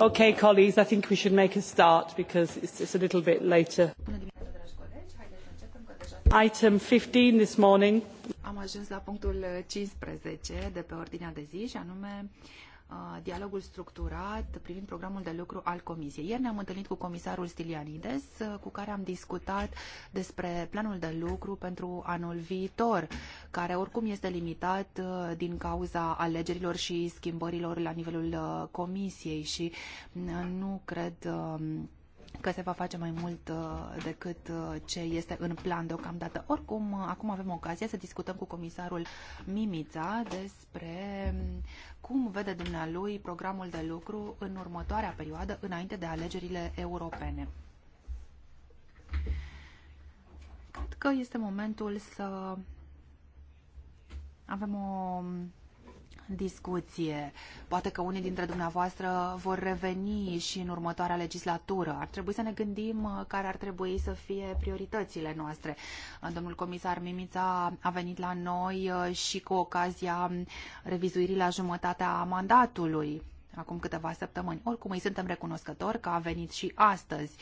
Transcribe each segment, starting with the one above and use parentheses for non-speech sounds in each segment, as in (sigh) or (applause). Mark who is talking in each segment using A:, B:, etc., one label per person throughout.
A: Okay,
B: colleagues, I think we should make a start because it's, it's a little bit later. Item 15 this morning.
A: Am ajuns la punctul 15 de pe ordinea de zi și anume Uh, dialogul structurat privind programul de lucru al Comisiei. Ieri ne-am întâlnit cu comisarul Stilianides, uh, cu care am discutat despre planul de lucru pentru anul viitor, care oricum este limitat uh, din cauza alegerilor și schimbărilor la nivelul Comisiei și nu cred um, că se va face mai mult uh, decât uh, ce este în plan deocamdată. Oricum, uh, acum avem ocazia să discutăm cu comisarul Mimița despre um, cum vede dumnealui programul de lucru în următoarea perioadă, înainte de alegerile europene. Cred că este momentul să avem o um, discuție. Poate că unii dintre dumneavoastră vor reveni și în următoarea legislatură. Ar trebui să ne gândim uh, care ar trebui să fie prioritățile noastre. Uh, domnul comisar Mimița a venit la noi uh, și cu ocazia revizuirii la jumătatea mandatului acum câteva săptămâni. Oricum îi suntem recunoscători că a venit și astăzi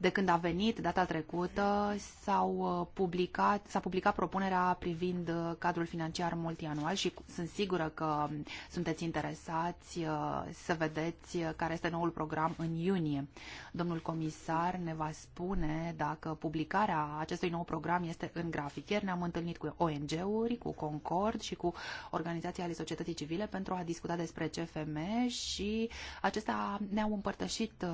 A: de când a venit data trecută, s-au uh, publicat, s-a publicat propunerea privind uh, cadrul financiar multianual și sunt sigură că um, sunteți interesați uh, să vedeți care este noul program în iunie. Domnul comisar ne va spune dacă publicarea acestui nou program este în grafic. Ieri ne-am întâlnit cu ONG-uri, cu Concord și cu Organizația ale societății civile pentru a discuta despre CFM și acestea ne-au împărtășit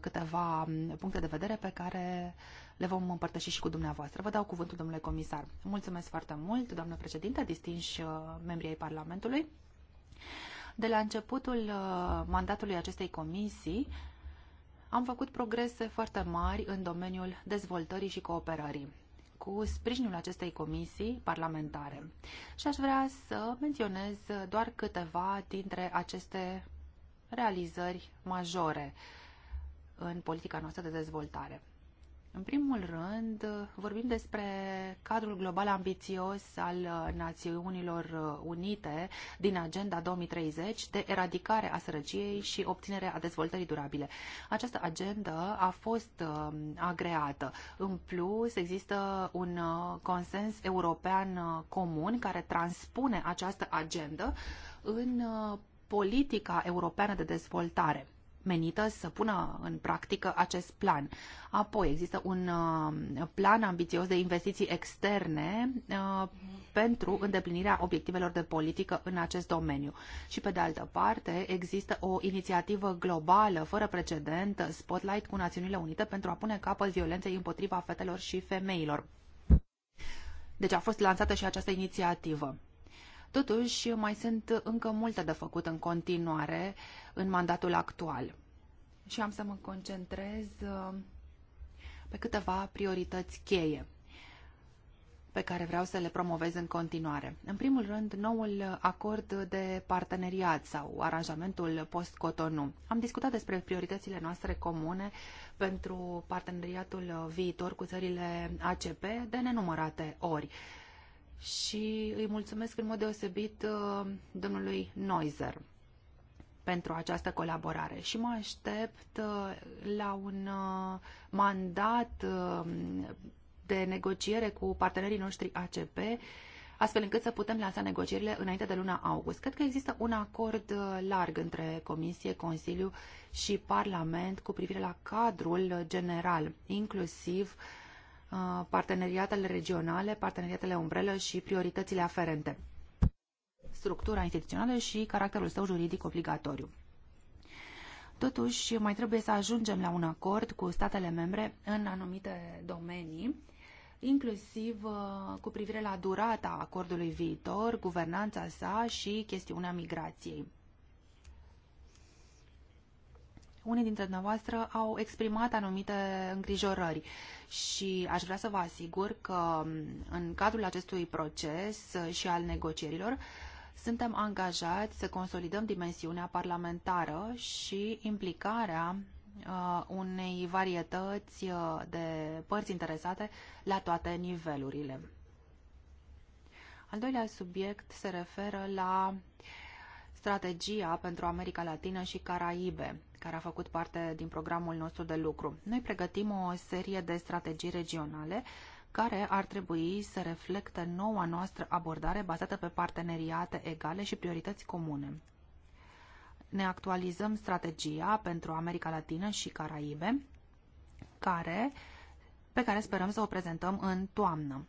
A: câteva um, puncte de vedere pe care le vom împărtăși și cu dumneavoastră. Vă dau cuvântul, domnule comisar. Mulțumesc foarte mult, doamnă președinte, distinși uh, membrii ai Parlamentului. De la începutul uh, mandatului acestei comisii, am făcut progrese foarte mari în domeniul dezvoltării și cooperării cu sprijinul acestei comisii parlamentare. Și aș vrea să menționez doar câteva dintre aceste realizări majore în politica noastră de dezvoltare. În primul rând, vorbim despre cadrul global ambițios al Națiunilor Unite din Agenda 2030 de eradicare a sărăciei și obținere a dezvoltării durabile. Această agendă a fost um, agreată. În plus, există un uh, consens european uh, comun care transpune această agendă în uh, politica europeană de dezvoltare menită să pună în practică acest plan. Apoi există un uh, plan ambițios de investiții externe uh, pentru îndeplinirea obiectivelor de politică în acest domeniu. Și pe de altă parte există o inițiativă globală fără precedent, Spotlight cu Națiunile Unite pentru a pune capăt violenței împotriva fetelor și femeilor. Deci a fost lansată și această inițiativă. Totuși, mai sunt încă multe de făcut în continuare în mandatul actual. Și am să mă concentrez uh, pe câteva priorități cheie pe care vreau să le promovez în continuare. În primul rând, noul acord de parteneriat sau aranjamentul post-Cotonou. Am discutat despre prioritățile noastre comune pentru parteneriatul viitor cu țările ACP de nenumărate ori și îi mulțumesc în mod deosebit uh, domnului Noizer pentru această colaborare și mă aștept uh, la un uh, mandat de negociere cu partenerii noștri ACP astfel încât să putem lansa negocierile înainte de luna august. Cred că există un acord larg între Comisie, Consiliu și Parlament cu privire la cadrul general, inclusiv uh, Uh, parteneriatele regionale, parteneriatele umbrelă și prioritățile aferente, structura instituțională și caracterul său juridic obligatoriu. Totuși, mai trebuie să ajungem la un acord cu statele membre în anumite domenii, inclusiv uh, cu privire la durata acordului viitor, guvernanța sa și chestiunea migrației. unii dintre dumneavoastră au exprimat anumite îngrijorări și aș vrea să vă asigur că mm, în cadrul acestui proces și al negocierilor suntem angajați să consolidăm dimensiunea parlamentară și implicarea uh, unei varietăți uh, de părți interesate la toate nivelurile. Al doilea subiect se referă la strategia pentru America Latină și Caraibe care a făcut parte din programul nostru de lucru. Noi pregătim o serie de strategii regionale care ar trebui să reflecte noua noastră abordare bazată pe parteneriate egale și priorități comune. Ne actualizăm strategia pentru America Latină și Caraibe, care, pe care sperăm să o prezentăm în toamnă.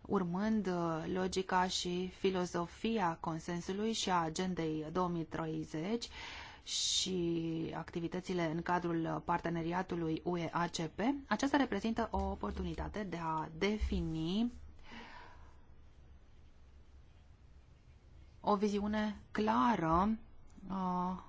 A: Urmând uh, logica și filozofia consensului și a agendei 2030, și activitățile în cadrul parteneriatului UE-ACP, aceasta reprezintă o oportunitate de a defini o viziune clară uh,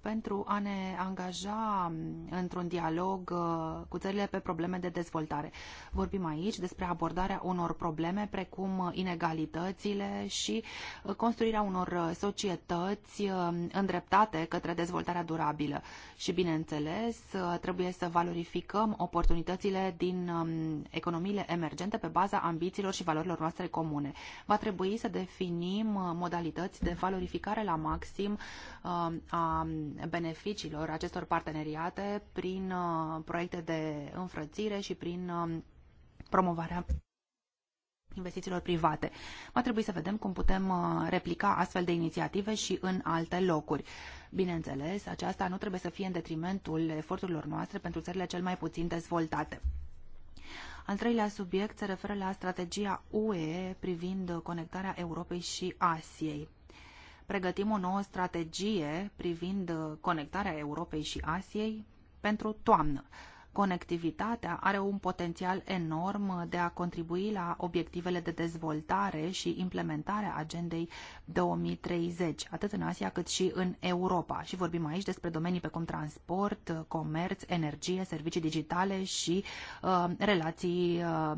A: pentru a ne angaja într-un dialog uh, cu țările pe probleme de dezvoltare. Vorbim aici despre abordarea unor probleme precum inegalitățile și uh, construirea unor societăți uh, îndreptate către dezvoltarea durabilă. Și, bineînțeles, trebuie să valorificăm oportunitățile din um, economiile emergente pe baza ambițiilor și valorilor noastre comune. Va trebui să definim modalități de valorificare la maxim a beneficiilor acestor parteneriate prin uh, proiecte de înfrățire și prin uh, promovarea investițiilor private. Va trebui să vedem cum putem uh, replica astfel de inițiative și în alte locuri. Bineînțeles, aceasta nu trebuie să fie în detrimentul eforturilor noastre pentru țările cel mai puțin dezvoltate. Al treilea subiect se referă la strategia UE privind conectarea Europei și Asiei pregătim o nouă strategie privind uh, conectarea Europei și Asiei pentru toamnă. Conectivitatea are un potențial enorm uh, de a contribui la obiectivele de dezvoltare și implementare a agendei 2030, atât în Asia cât și în Europa. Și vorbim aici despre domenii precum transport, uh, comerț, energie, servicii digitale și uh, relații uh,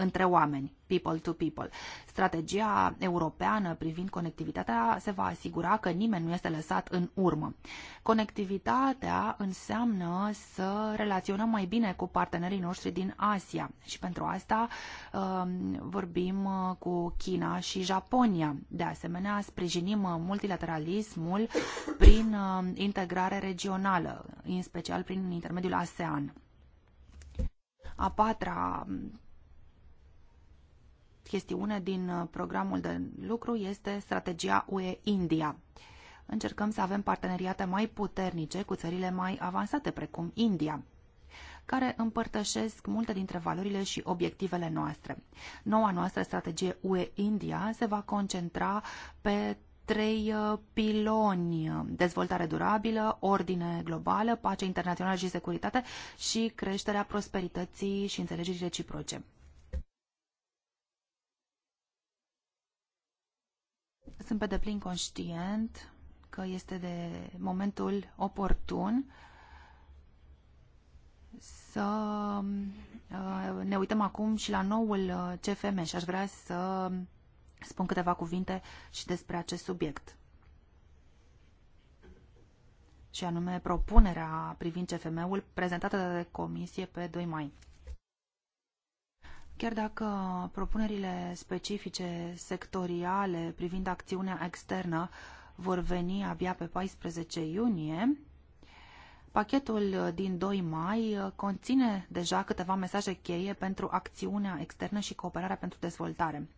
A: între oameni, people to people. Strategia europeană privind conectivitatea se va asigura că nimeni nu este lăsat în urmă. Conectivitatea înseamnă să relaționăm mai bine cu partenerii noștri din Asia și pentru asta um, vorbim uh, cu China și Japonia. De asemenea, sprijinim uh, multilateralismul prin uh, integrare regională, în special prin intermediul ASEAN. A patra um, chestiune din uh, programul de lucru este strategia UE-India. Încercăm să avem parteneriate mai puternice cu țările mai avansate, precum India care împărtășesc multe dintre valorile și obiectivele noastre. Noua noastră strategie UE-India se va concentra pe trei uh, piloni, uh, dezvoltare durabilă, ordine globală, pace internațională și securitate și creșterea prosperității și înțelegerii reciproce. Sunt pe deplin conștient că este de momentul oportun să uh, ne uităm acum și la noul uh, CFM și aș vrea să spun câteva cuvinte și despre acest subiect. Și anume propunerea privind CFM-ul prezentată de comisie pe 2 mai. Chiar dacă propunerile specifice sectoriale privind acțiunea externă vor veni abia pe 14 iunie, pachetul din 2 mai conține deja câteva mesaje cheie pentru acțiunea externă și cooperarea pentru dezvoltare.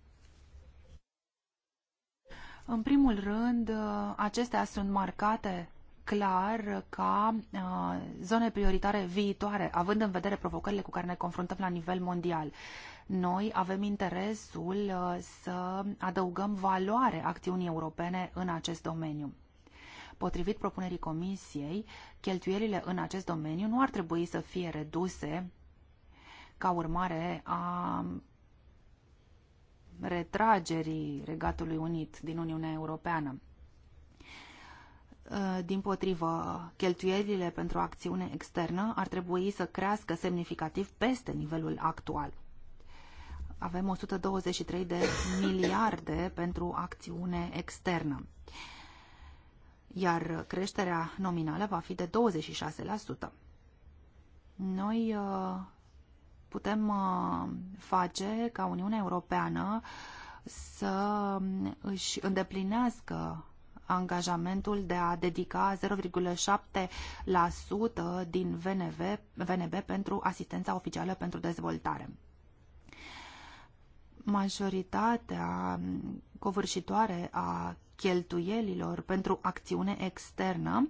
A: În primul rând, acestea sunt marcate clar ca uh, zone prioritare viitoare, având în vedere provocările cu care ne confruntăm la nivel mondial. Noi avem interesul uh, să adăugăm valoare acțiunii europene în acest domeniu. Potrivit propunerii Comisiei, cheltuielile în acest domeniu nu ar trebui să fie reduse ca urmare a retragerii Regatului Unit din Uniunea Europeană. Uh, din potrivă, cheltuielile pentru acțiune externă ar trebui să crească semnificativ peste nivelul actual. Avem 123 de miliarde pentru acțiune externă, iar creșterea nominală va fi de 26%. Noi uh, putem uh, face ca Uniunea Europeană să um, își îndeplinească angajamentul de a dedica 0,7% din VNV, VNB pentru asistența oficială pentru dezvoltare. Majoritatea covârșitoare a cheltuielilor pentru acțiune externă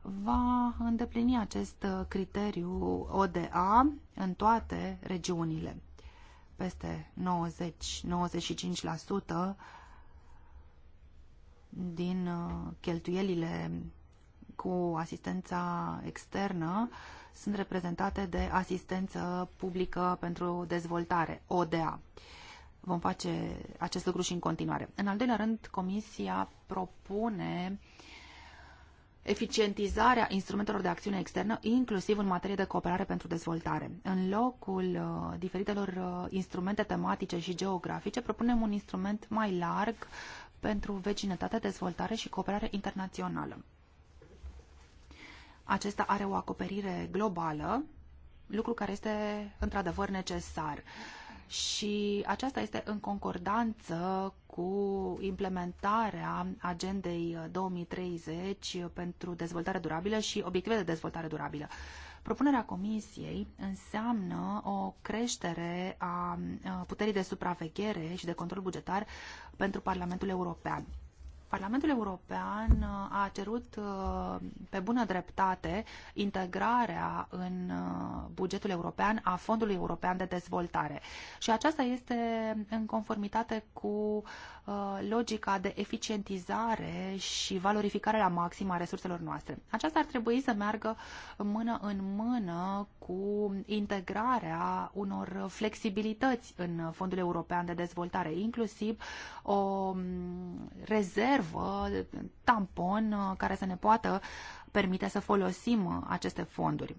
A: va îndeplini acest criteriu ODA în toate regiunile. Peste 90-95% din uh, cheltuielile cu asistența externă sunt reprezentate de asistență publică pentru dezvoltare, ODA. Vom face acest lucru și în continuare. În al doilea rând, Comisia propune eficientizarea instrumentelor de acțiune externă, inclusiv în materie de cooperare pentru dezvoltare. În locul uh, diferitelor uh, instrumente tematice și geografice, propunem un instrument mai larg pentru vecinătate, dezvoltare și cooperare internațională. Acesta are o acoperire globală, lucru care este într-adevăr necesar. Uh, și aceasta este în concordanță cu implementarea agendei 2030 uh, uh, pentru dezvoltare durabilă și obiective de dezvoltare durabilă. Propunerea Comisiei înseamnă o creștere a uh, puterii de supraveghere și de control bugetar pentru Parlamentul European. Parlamentul European uh, a cerut uh, pe bună dreptate integrarea în uh, bugetul european a Fondului European de Dezvoltare. Și aceasta este în conformitate cu logica de eficientizare și valorificare la maxim a resurselor noastre. Aceasta ar trebui să meargă mână în mână cu integrarea unor flexibilități în Fondul European de Dezvoltare, inclusiv o mm, rezervă rezervă, tampon, uh, care să ne poată permite să folosim uh, aceste fonduri.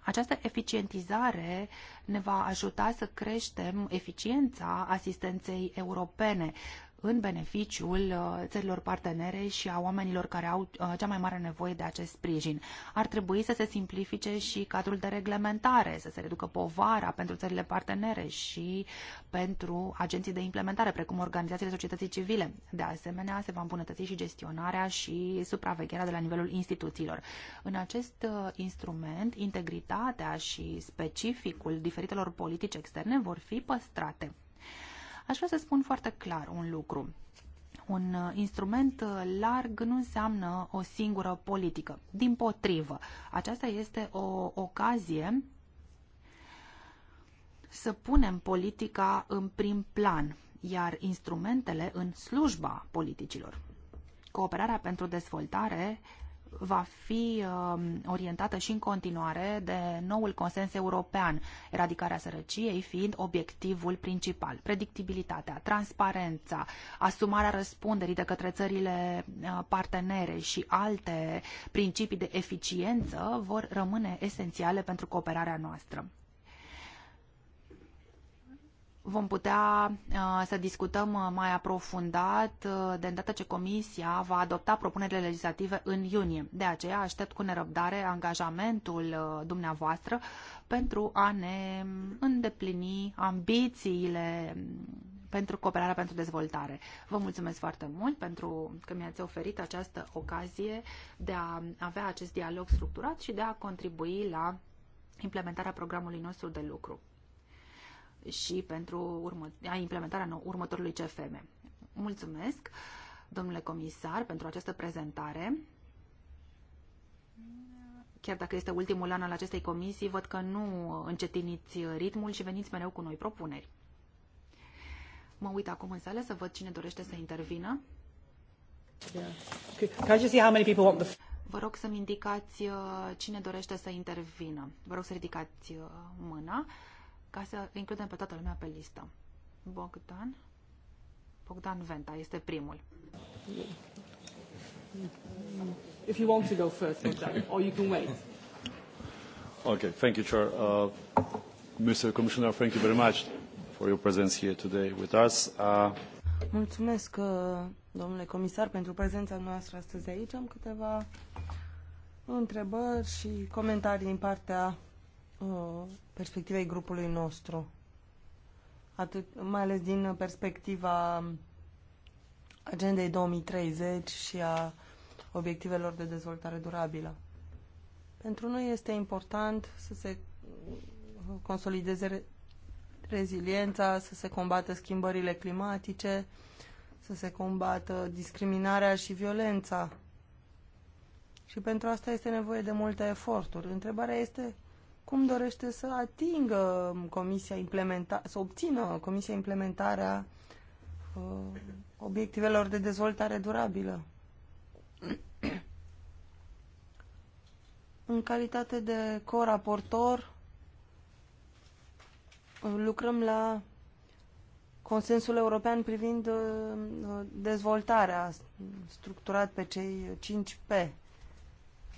A: Această eficientizare ne va ajuta să creștem eficiența asistenței europene în beneficiul uh, țărilor partenere și a oamenilor care au uh, cea mai mare nevoie de acest sprijin. Ar trebui să se simplifice și cadrul de reglementare, să se reducă povara pentru țările partenere și pentru agenții de implementare, precum organizațiile societății civile. De asemenea, se va îmbunătăți și gestionarea și supravegherea de la nivelul instituțiilor. În acest uh, instrument, integritatea și specificul diferitelor politici externe vor fi păstrate. Aș vrea să spun foarte clar un lucru. Un uh, instrument uh, larg nu înseamnă o singură politică. Din potrivă, aceasta este o ocazie să punem politica în prim plan, iar instrumentele în slujba politicilor. Cooperarea pentru dezvoltare va fi um, orientată și în continuare de noul consens european, eradicarea sărăciei fiind obiectivul principal. Predictibilitatea, transparența, asumarea răspunderii de către țările uh, partenere și alte principii de eficiență vor rămâne esențiale pentru cooperarea noastră vom putea uh, să discutăm uh, mai aprofundat uh, de îndată ce Comisia va adopta propunerile legislative în iunie. De aceea aștept cu nerăbdare angajamentul dumneavoastră pentru a ne îndeplini ambițiile mm, pentru cooperarea pentru dezvoltare. Vă mulțumesc foarte mult pentru că mi-ați oferit această ocazie de a avea acest dialog structurat și de a contribui la implementarea programului nostru de lucru și pentru urmă, a implementarea următorului CFM. Mulțumesc, domnule comisar, pentru această prezentare. Chiar dacă este ultimul an al acestei comisii, văd că nu încetiniți ritmul și veniți mereu cu noi propuneri. Mă uit acum în sală să văd cine dorește să intervină. Vă rog să-mi indicați uh, cine dorește să intervină. Vă rog să ridicați uh, mâna ca să includem pe toată lumea pe listă. Bogdan? Bogdan Venta este primul.
B: If you want to go first, Bogdan, or you can wait.
A: Okay, thank you, Chair. Uh, Mr. Commissioner, thank you very much for your presence here today with us. Uh,
B: Mulțumesc, uh, domnule comisar, pentru prezența noastră astăzi aici. Am câteva întrebări și comentarii din partea Uh, perspectivei grupului nostru. Atât, mai ales din perspectiva agendei 2030 și a obiectivelor de dezvoltare durabilă. Pentru noi este important să se consolideze reziliența, să se combată schimbările climatice, să se combată discriminarea și violența. Și pentru asta este nevoie de multe eforturi. Întrebarea este cum dorește să atingă comisia implementa- să obțină comisia implementarea uh, obiectivelor de dezvoltare durabilă. (clears throat) În calitate de coraportor uh, lucrăm la consensul european privind uh, dezvoltarea structurat pe cei 5 P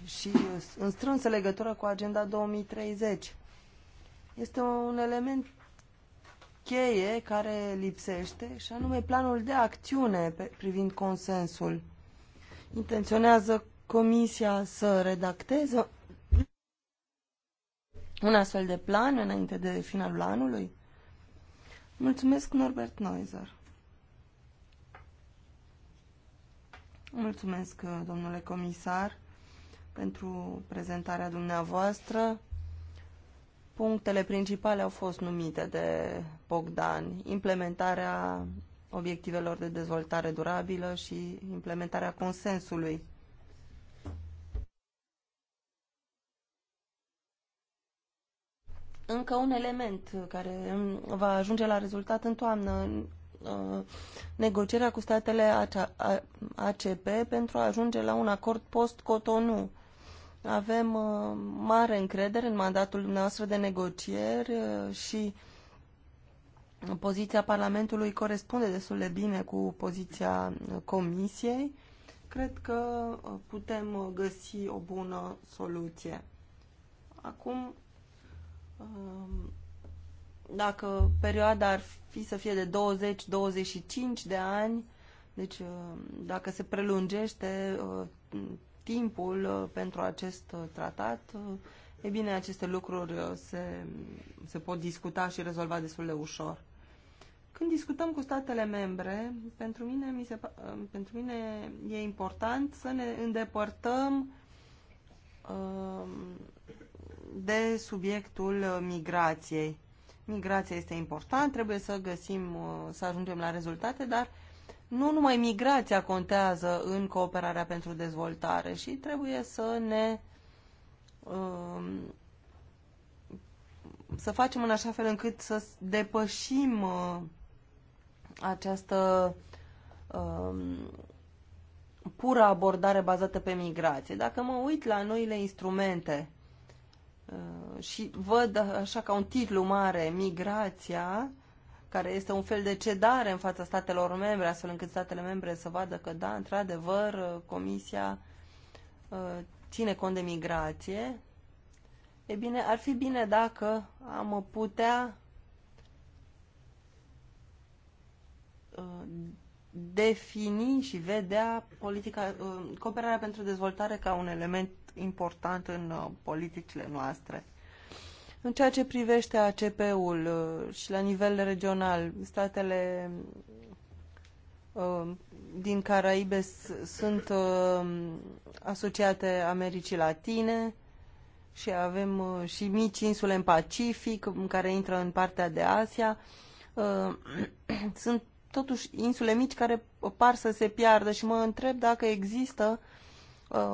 B: și uh, în strânsă legătură cu Agenda 2030. Este un element cheie care lipsește și anume planul de acțiune pe, privind consensul. Intenționează Comisia să redacteze un astfel de plan înainte de finalul anului? Mulțumesc, Norbert Neuser. Mulțumesc, uh, domnule comisar pentru prezentarea dumneavoastră. Punctele principale au fost numite de Bogdan. Implementarea obiectivelor de dezvoltare durabilă și implementarea consensului. Încă un element care va ajunge la rezultat în toamnă, uh, negocierea cu statele ACP pentru a ajunge la un acord post-Cotonou avem uh, mare încredere în mandatul dumneavoastră de negocieri uh, și poziția Parlamentului corespunde destul de bine cu poziția uh, Comisiei. Cred că putem găsi o bună soluție. Acum, um, dacă perioada ar fi să fie de 20-25 de ani, deci dacă se prelungește timpul uh, pentru acest uh, tratat, uh, e bine, aceste lucruri se, se pot discuta și rezolva destul de ușor. Când discutăm cu statele membre, pentru mine, mi se, pentru mine e important să ne îndepărtăm de subiectul migrației. Migrația este important, trebuie să găsim, să ajungem la rezultate, dar nu numai migrația contează în cooperarea pentru dezvoltare și trebuie să ne um, să facem în așa fel încât să depășim uh, această um, pură abordare bazată pe migrație. Dacă mă uit la noile instrumente uh, și văd așa ca un titlu mare migrația, care este un fel de cedare în fața statelor membre, astfel încât statele membre să vadă că, da, într-adevăr, Comisia uh, ține cont de migrație, e bine, ar fi bine dacă am putea uh, defini și vedea politica, uh, cooperarea pentru dezvoltare ca un element important în politicile noastre. În ceea ce privește ACP-ul uh, și la nivel regional, statele uh, din Caraibe sunt uh, asociate Americii Latine și avem și mici insule în Pacific care intră în partea de Asia. (clears throat) Sunt totuși insule mici care par să se piardă și mă întreb dacă există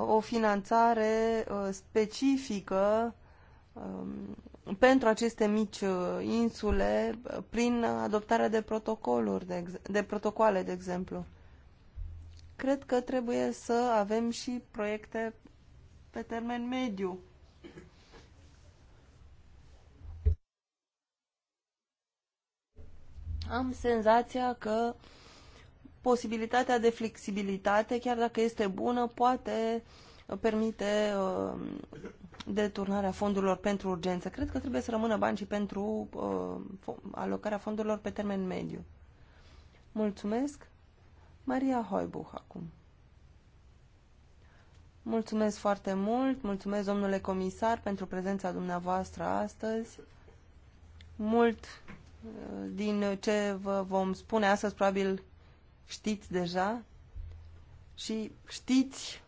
B: o finanțare specifică um, pentru aceste mici uh, insule prin adoptarea de protocoluri, de, de protocoale, de exemplu. Cred că trebuie să avem și proiecte pe termen mediu. Am senzația că posibilitatea de flexibilitate, chiar dacă este bună, poate uh, permite uh, deturnarea fondurilor pentru urgență. Cred că trebuie să rămână bani și pentru uh, alocarea fondurilor pe termen mediu. Mulțumesc. Maria Hoibuch acum. Mulțumesc foarte mult, mulțumesc domnule comisar pentru prezența dumneavoastră astăzi. Mult uh, din ce vă vom spune astăzi probabil știți deja și știți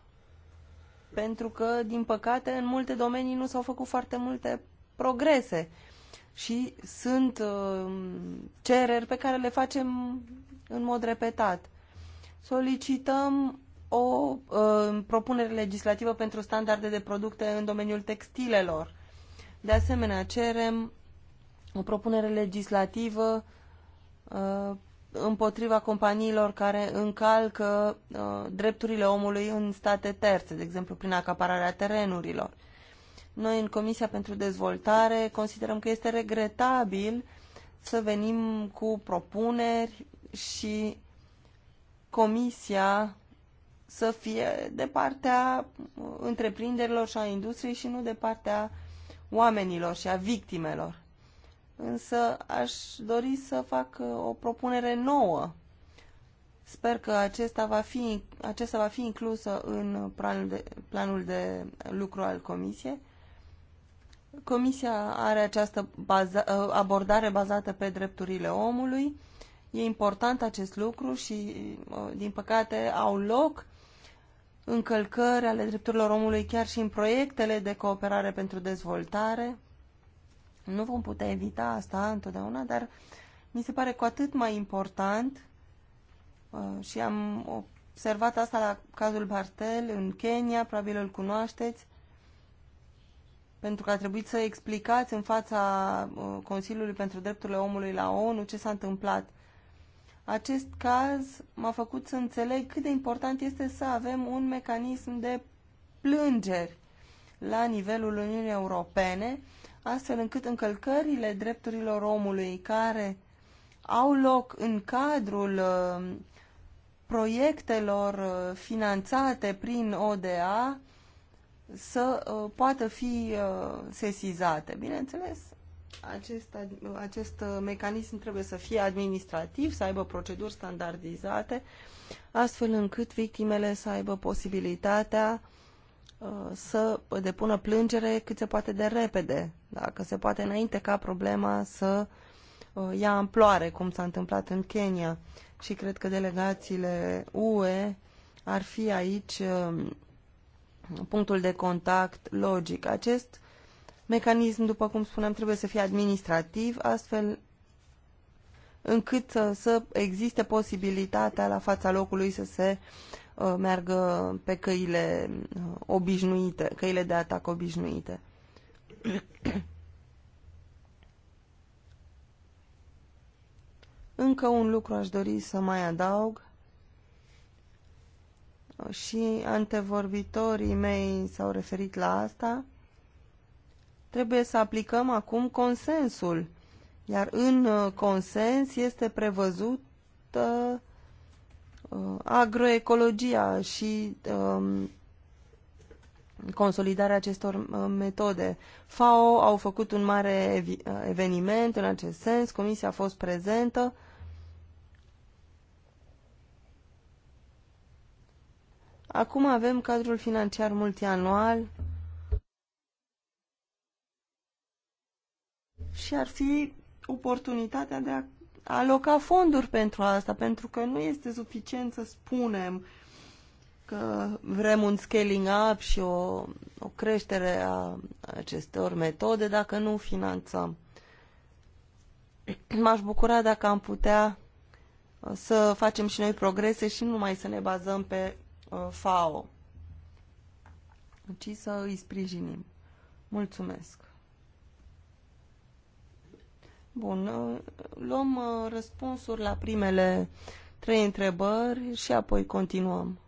B: pentru că, din păcate, în multe domenii nu s-au făcut foarte multe progrese și sunt uh, cereri pe care le facem în mod repetat. Solicităm o uh, propunere legislativă pentru standarde de producte în domeniul textilelor. De asemenea, cerem o propunere legislativă uh, împotriva companiilor care încalcă uh, drepturile omului în state terțe, de exemplu prin acapararea terenurilor. Noi în Comisia pentru Dezvoltare considerăm că este regretabil să venim cu propuneri și Comisia să fie de partea întreprinderilor și a industriei și nu de partea oamenilor și a victimelor însă aș dori să fac uh, o propunere nouă. Sper că acesta va fi, acesta va fi inclusă în planul de, planul de lucru al Comisiei. Comisia are această baza, uh, abordare bazată pe drepturile omului. E important acest lucru și, uh, din păcate, au loc încălcări ale drepturilor omului chiar și în proiectele de cooperare pentru dezvoltare nu vom putea evita asta întotdeauna, dar mi se pare cu atât mai important uh, și am observat asta la cazul Bartel în Kenya, probabil îl cunoașteți, pentru că a trebuit să explicați în fața uh, Consiliului pentru Drepturile Omului la ONU ce s-a întâmplat. Acest caz m-a făcut să înțeleg cât de important este să avem un mecanism de plângeri la nivelul Uniunii Europene astfel încât încălcările drepturilor omului care au loc în cadrul uh, proiectelor uh, finanțate prin ODA să uh, poată fi sesizate. Bineînțeles, acest, acest mecanism trebuie să fie administrativ, să aibă proceduri standardizate, astfel încât victimele să aibă posibilitatea Uh, să depună plângere cât se poate de repede, dacă se poate înainte ca problema să uh, ia amploare, cum s-a întâmplat în Kenya. Și cred că delegațiile UE ar fi aici uh, punctul de contact logic. Acest mecanism, după cum spuneam, trebuie să fie administrativ, astfel încât să, să existe posibilitatea la fața locului să se Uh, meargă pe căile uh, obișnuite, căile de atac obișnuite. (clears throat) Încă un lucru aș dori să mai adaug și antevorbitorii mei s-au referit la asta. Trebuie să aplicăm acum consensul, iar în uh, consens este prevăzută Uh, agroecologia și um, consolidarea acestor uh, metode. FAO au făcut un mare uh, eveniment în acest sens, comisia a fost prezentă. Acum avem cadrul financiar multianual și ar fi oportunitatea de a aloca fonduri pentru asta, pentru că nu este suficient să spunem că vrem un scaling up și o, o creștere a acestor metode dacă nu finanțăm. (clears throat) M-aș bucura dacă am putea uh, să facem și noi progrese și nu mai să ne bazăm pe uh, FAO, ci să îi sprijinim. Mulțumesc! Bun, uh, luăm uh, răspunsuri la primele trei întrebări și apoi continuăm.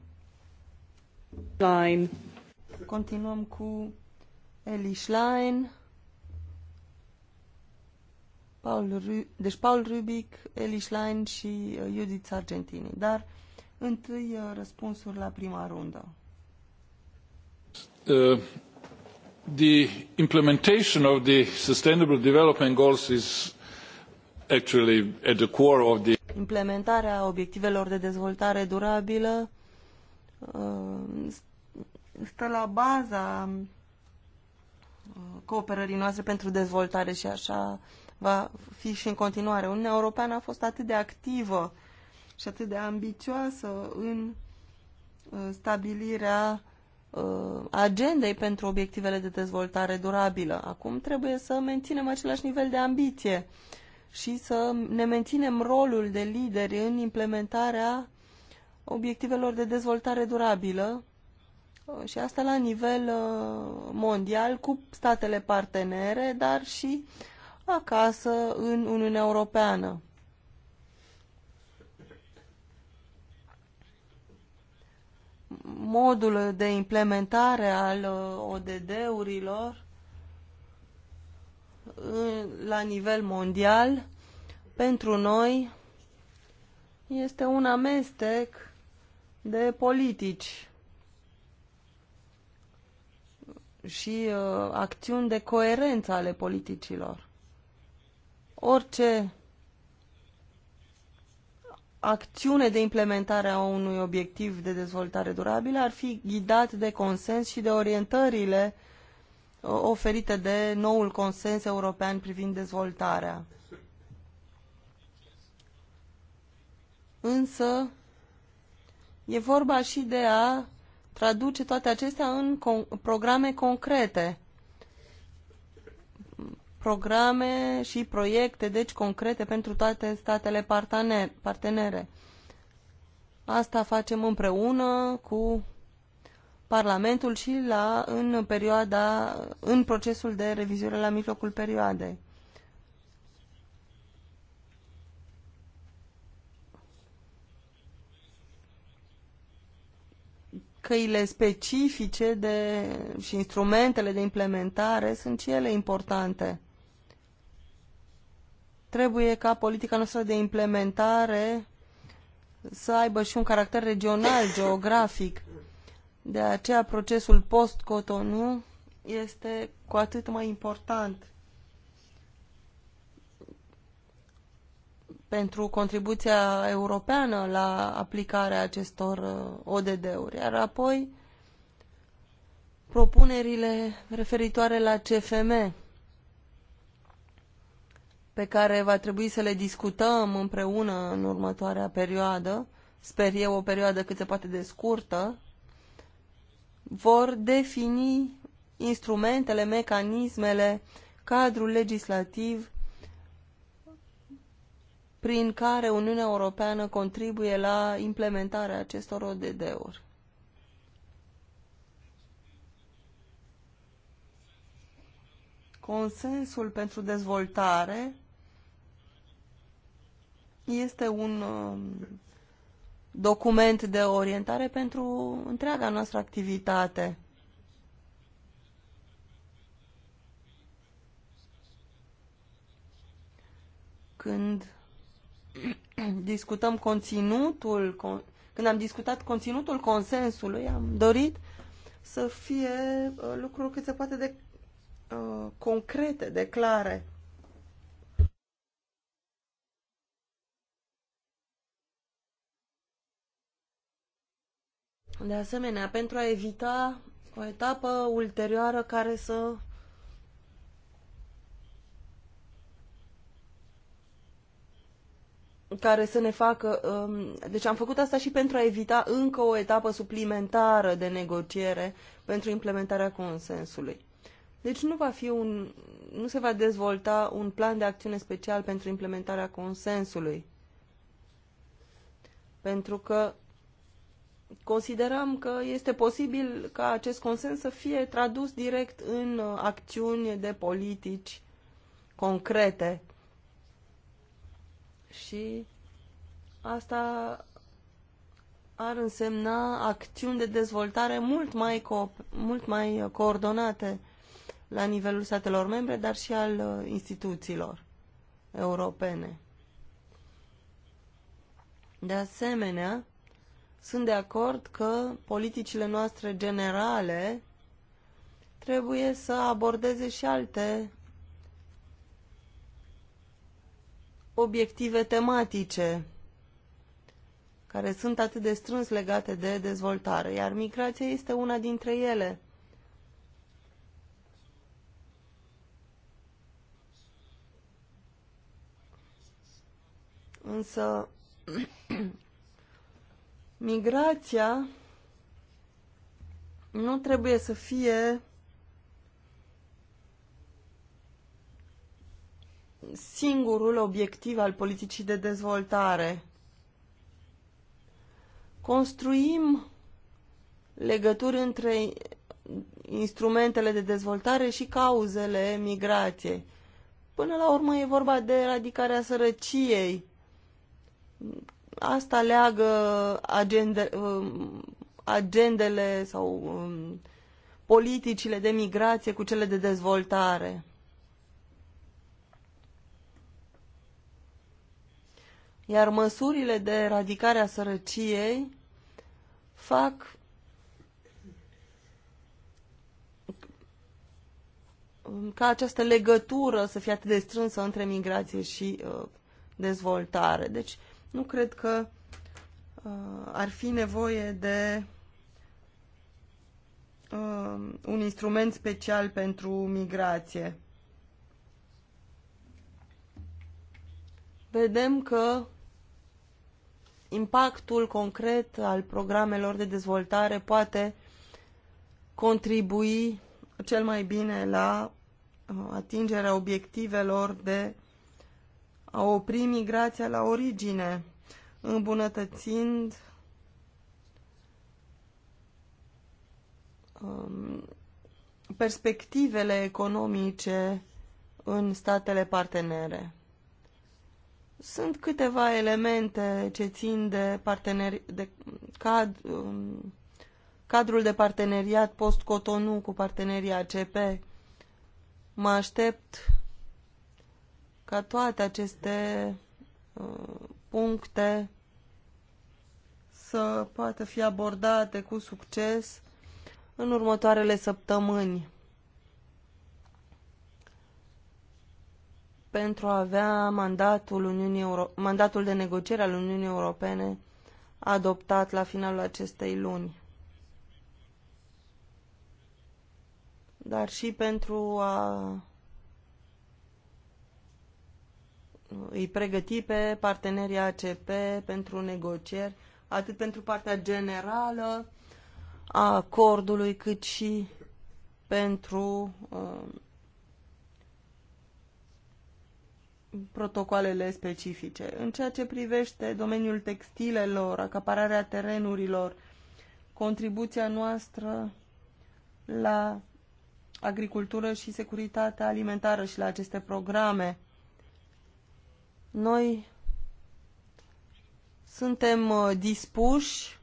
B: Line. Continuăm cu Eli Schlein, Paul Ru deci Paul Rubic, Eli Schlein și uh, Judith Argentini. Dar întâi răspunsuri la prima rundă. Uh, the implementation of the Sustainable Development Goals is actually at the core of the implementarea obiectivelor de dezvoltare durabilă uh, stă la baza uh, cooperării noastre pentru dezvoltare și așa va fi și în continuare. Uniunea Europeană a fost atât de activă și atât de ambicioasă în uh, stabilirea agendei pentru obiectivele de dezvoltare durabilă. Acum trebuie să menținem același nivel de ambiție și să ne menținem rolul de lideri în implementarea obiectivelor de dezvoltare durabilă uh, și asta la nivel uh, mondial cu statele partenere, dar și acasă în Uniunea Europeană. Modul de implementare al uh, ODD-urilor la nivel mondial, pentru noi, este un amestec de politici și uh, acțiuni de coerență ale politicilor. Orice acțiune de implementare a unui obiectiv de dezvoltare durabilă ar fi ghidat de consens și de orientările uh, oferite de noul consens european privind dezvoltarea. Însă, e vorba și de a traduce toate acestea în con- programe concrete. Programe și proiecte, deci concrete pentru toate statele partener- partenere. Asta facem împreună cu Parlamentul și la, în, perioada, în procesul de revizuire la mijlocul perioadei. căile specifice de, și instrumentele de implementare sunt și ele importante. Trebuie ca politica noastră de implementare să aibă și un caracter regional, geografic. De aceea procesul post cotonu este cu atât mai important pentru contribuția europeană la aplicarea acestor uh, ODD-uri. Iar apoi propunerile referitoare la CFM pe care va trebui să le discutăm împreună în următoarea perioadă, sper eu o perioadă cât se poate de scurtă, vor defini instrumentele, mecanismele, cadrul legislativ prin care Uniunea Europeană contribuie la implementarea acestor ODD-uri. Consensul pentru dezvoltare este un um, document de orientare pentru întreaga noastră activitate. Când (clears throat) discutăm conținutul, când am discutat conținutul consensului, am dorit să fie uh, lucruri cât se poate de uh, concrete, de clare. De asemenea, pentru a evita o etapă ulterioară care să care să ne facă. Um, deci am făcut asta și pentru a evita încă o etapă suplimentară de negociere pentru implementarea consensului. Deci nu va fi un. nu se va dezvolta un plan de acțiune special pentru implementarea consensului. Pentru că considerăm că este posibil ca acest consens să fie tradus direct în uh, acțiuni de politici concrete. Și asta ar însemna acțiuni de dezvoltare mult mai, co- mult mai uh, coordonate la nivelul statelor membre, dar și al uh, instituțiilor europene. De asemenea, sunt de acord că politicile noastre generale trebuie să abordeze și alte obiective tematice care sunt atât de strâns legate de dezvoltare, iar migrația este una dintre ele. Însă (clears throat) Migrația nu trebuie să fie singurul obiectiv al politicii de dezvoltare. Construim legături între instrumentele de dezvoltare și cauzele migrației. Până la urmă e vorba de eradicarea sărăciei, asta leagă agende, um, agendele sau um, politicile de migrație cu cele de dezvoltare. Iar măsurile de eradicare a sărăciei fac ca această legătură să fie atât de strânsă între migrație și uh, dezvoltare. Deci, uh, nu cred că uh, ar fi nevoie de uh, un instrument special pentru migrație. Vedem că impactul concret al programelor de dezvoltare poate contribui cel mai bine la uh, atingerea obiectivelor de a opri migrația la origine, îmbunătățind um, perspectivele economice în statele partenere. Sunt câteva elemente ce țin de, parteneri, de cad, um, cadrul de parteneriat post-Cotonou cu partenerii ACP. Mă aștept ca toate aceste uh, puncte să poată fi abordate cu succes în următoarele săptămâni pentru a avea mandatul, Uniunii Euro- mandatul de negociere al Uniunii Europene adoptat la finalul acestei luni. Dar și pentru a îi pregăti pe partenerii ACP pentru negocieri, atât pentru partea generală a acordului, cât și pentru uh, protocoalele specifice. În ceea ce privește domeniul textilelor, acapararea terenurilor, contribuția noastră la agricultură și securitatea alimentară și la aceste programe, noi suntem uh, dispuși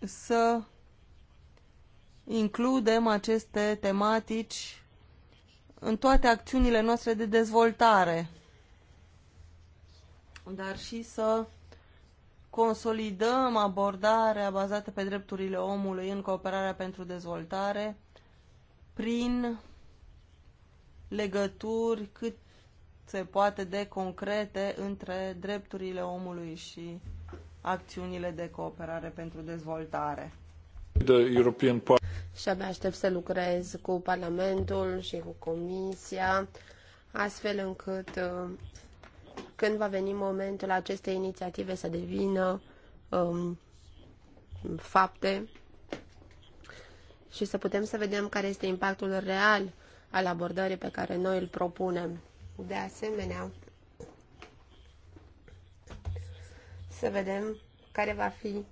B: să includem aceste tematici în toate acțiunile noastre de dezvoltare, dar și să consolidăm abordarea bazată pe drepturile omului în cooperarea pentru dezvoltare prin legături cât se poate de concrete între drepturile omului și acțiunile de cooperare pentru dezvoltare. Și abia aștept să lucrez cu Parlamentul
C: și cu Comisia, astfel încât uh, când va veni momentul acestei inițiative să devină um, fapte și să putem să vedem care este impactul real al abordării pe care noi îl propunem de asemenea să vedem care va fi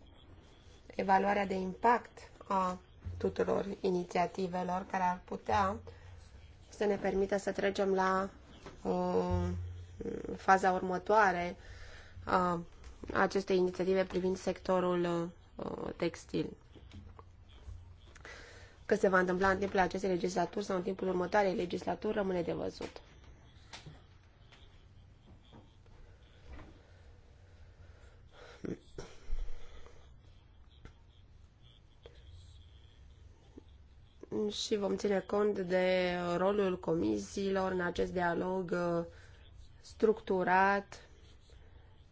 C: evaluarea de impact a tuturor inițiativelor care ar putea să ne permită să trecem la uh, faza următoare a acestei inițiative privind sectorul uh, textil. Că se va întâmpla în timpul acestei legislaturi sau în timpul următoarei legislaturi rămâne de văzut. și vom ține cont de rolul comisiilor în acest dialog uh, structurat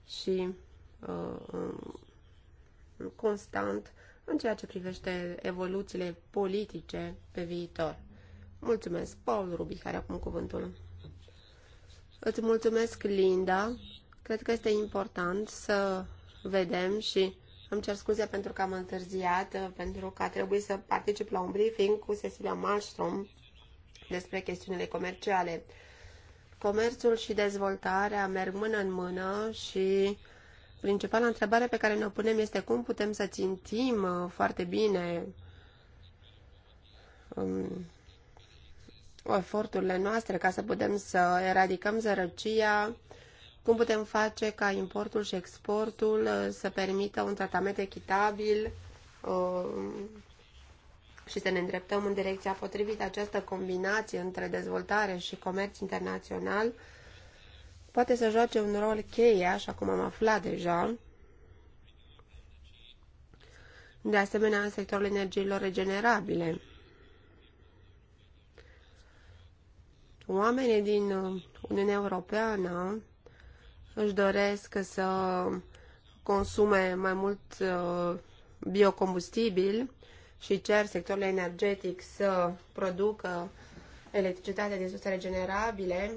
C: și uh, um, constant în ceea ce privește evoluțiile politice pe viitor. Mulțumesc, Paul Rubi, care acum cuvântul. Îți mulțumesc, Linda. Cred că este important să vedem și îmi cer scuze pentru că am întârziat, uh, pentru că a trebuit să particip la un briefing cu Cecilia Malmström despre chestiunile comerciale. Comerțul și dezvoltarea merg mână în mână și principala întrebare pe care ne-o punem este cum putem să țintim uh, foarte bine um, eforturile noastre ca să putem să eradicăm sărăcia, cum putem face ca importul și exportul uh, să permită un tratament echitabil uh, și să ne îndreptăm în direcția potrivită. Această combinație între dezvoltare și comerț internațional poate să joace un rol cheie, așa cum am aflat deja. De asemenea, în sectorul energiilor regenerabile. Oamenii din Uniunea Europeană își doresc să consume mai mult uh, biocombustibil și cer sectorul energetic să producă electricitate din surse regenerabile.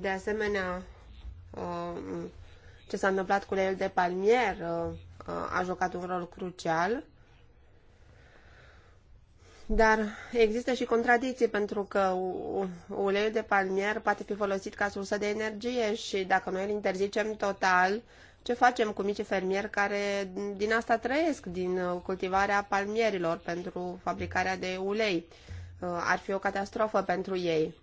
C: De asemenea, uh, ce s-a întâmplat cu leiul de palmier uh, a jucat un rol crucial dar există și contradicții pentru că uleiul de palmier poate fi folosit ca sursă de energie și dacă noi îl interzicem total, ce facem cu micii fermieri care din asta trăiesc, din uh, cultivarea palmierilor pentru fabricarea de ulei? Uh, ar fi o catastrofă pentru ei.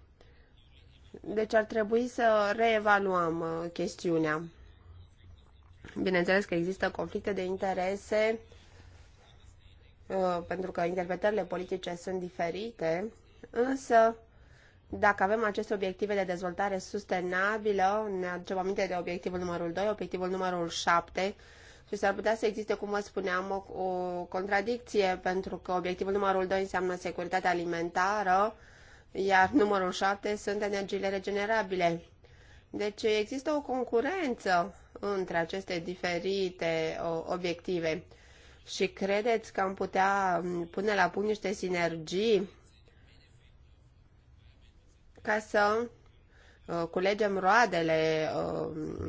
C: Deci ar trebui să reevaluăm uh, chestiunea. Bineînțeles că există conflicte de interese Uh, pentru că interpretările politice sunt diferite, însă dacă avem aceste obiective de dezvoltare sustenabilă, ne aducem aminte de obiectivul numărul 2, obiectivul numărul 7, și s-ar putea să existe, cum vă spuneam, o, o contradicție, pentru că obiectivul numărul 2 înseamnă securitatea alimentară, iar numărul 7 sunt energiile regenerabile. Deci există o concurență între aceste diferite obiective și credeți că am putea mm, pune la punct niște sinergii ca să uh, culegem roadele uh, uh,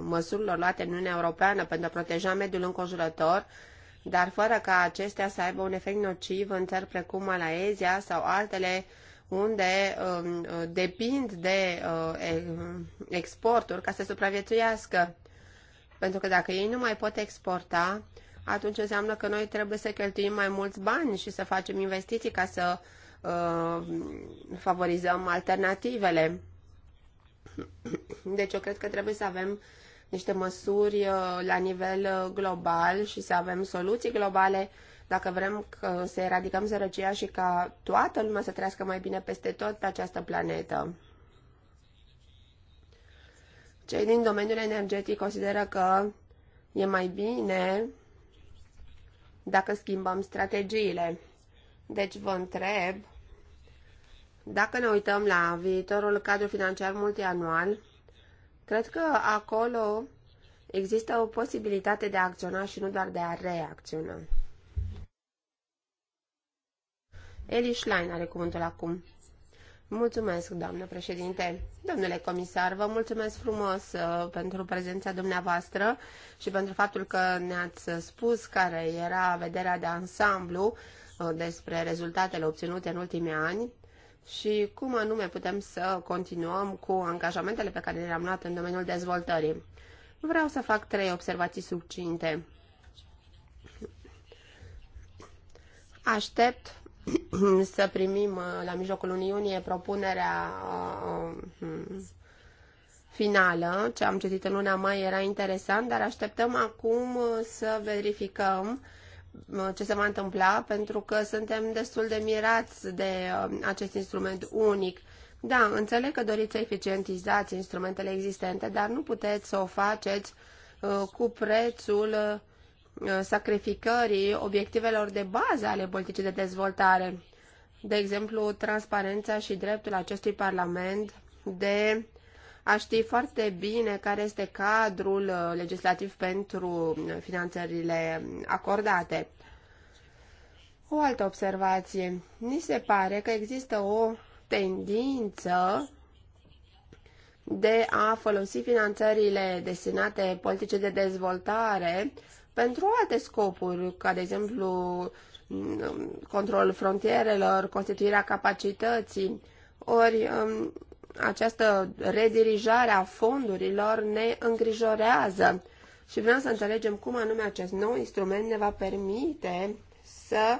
C: măsurilor luate în Uniunea Europeană pentru a proteja mediul înconjurător, dar fără ca acestea să aibă un efect nociv în țări precum Malaezia sau altele unde um, depind de exporturi ca să supraviețuiască. Pentru că dacă ei nu mai pot exporta, atunci înseamnă că noi trebuie să cheltuim mai mulți bani și să facem investiții ca să uh, favorizăm alternativele. Deci eu cred că trebuie să avem niște măsuri uh, la nivel uh, global și să avem soluții globale dacă vrem să eradicăm sărăcia și ca toată lumea să trăiască mai bine peste tot pe această planetă. Cei din domeniul energetic consideră că e mai bine dacă schimbăm strategiile. Deci vă întreb, dacă ne uităm la viitorul cadru financiar multianual, cred că acolo există o posibilitate de a acționa și nu doar de a reacționa. Eli Schlein are cuvântul acum. Mulțumesc, doamnă președinte. Domnule comisar, vă mulțumesc frumos uh, pentru prezența dumneavoastră și pentru faptul că ne-ați spus care era vederea de ansamblu uh, despre rezultatele obținute în ultimii ani și cum anume putem să continuăm cu angajamentele pe care le-am luat în domeniul dezvoltării. Vreau să fac trei observații succinte. Aștept (clears throat) să primim uh, la mijlocul lunii iunie propunerea uh, um, finală. Ce am citit în luna mai era interesant, dar așteptăm acum uh, să verificăm ce se va întâmpla, pentru că suntem destul de mirați de acest instrument unic. Da, înțeleg că doriți să eficientizați instrumentele existente, dar nu puteți să o faceți cu prețul uh, Uh, sacrificării obiectivelor de bază ale politicii de dezvoltare. De exemplu, transparența și dreptul acestui Parlament de a ști foarte bine care este cadrul uh, legislativ pentru uh, finanțările acordate. O altă observație. Ni se pare că există o tendință de a folosi finanțările destinate politice de dezvoltare pentru alte scopuri, ca de exemplu mm, controlul frontierelor, constituirea capacității, ori mm, această redirijare a fondurilor ne îngrijorează și vreau să înțelegem cum anume acest nou instrument ne va permite să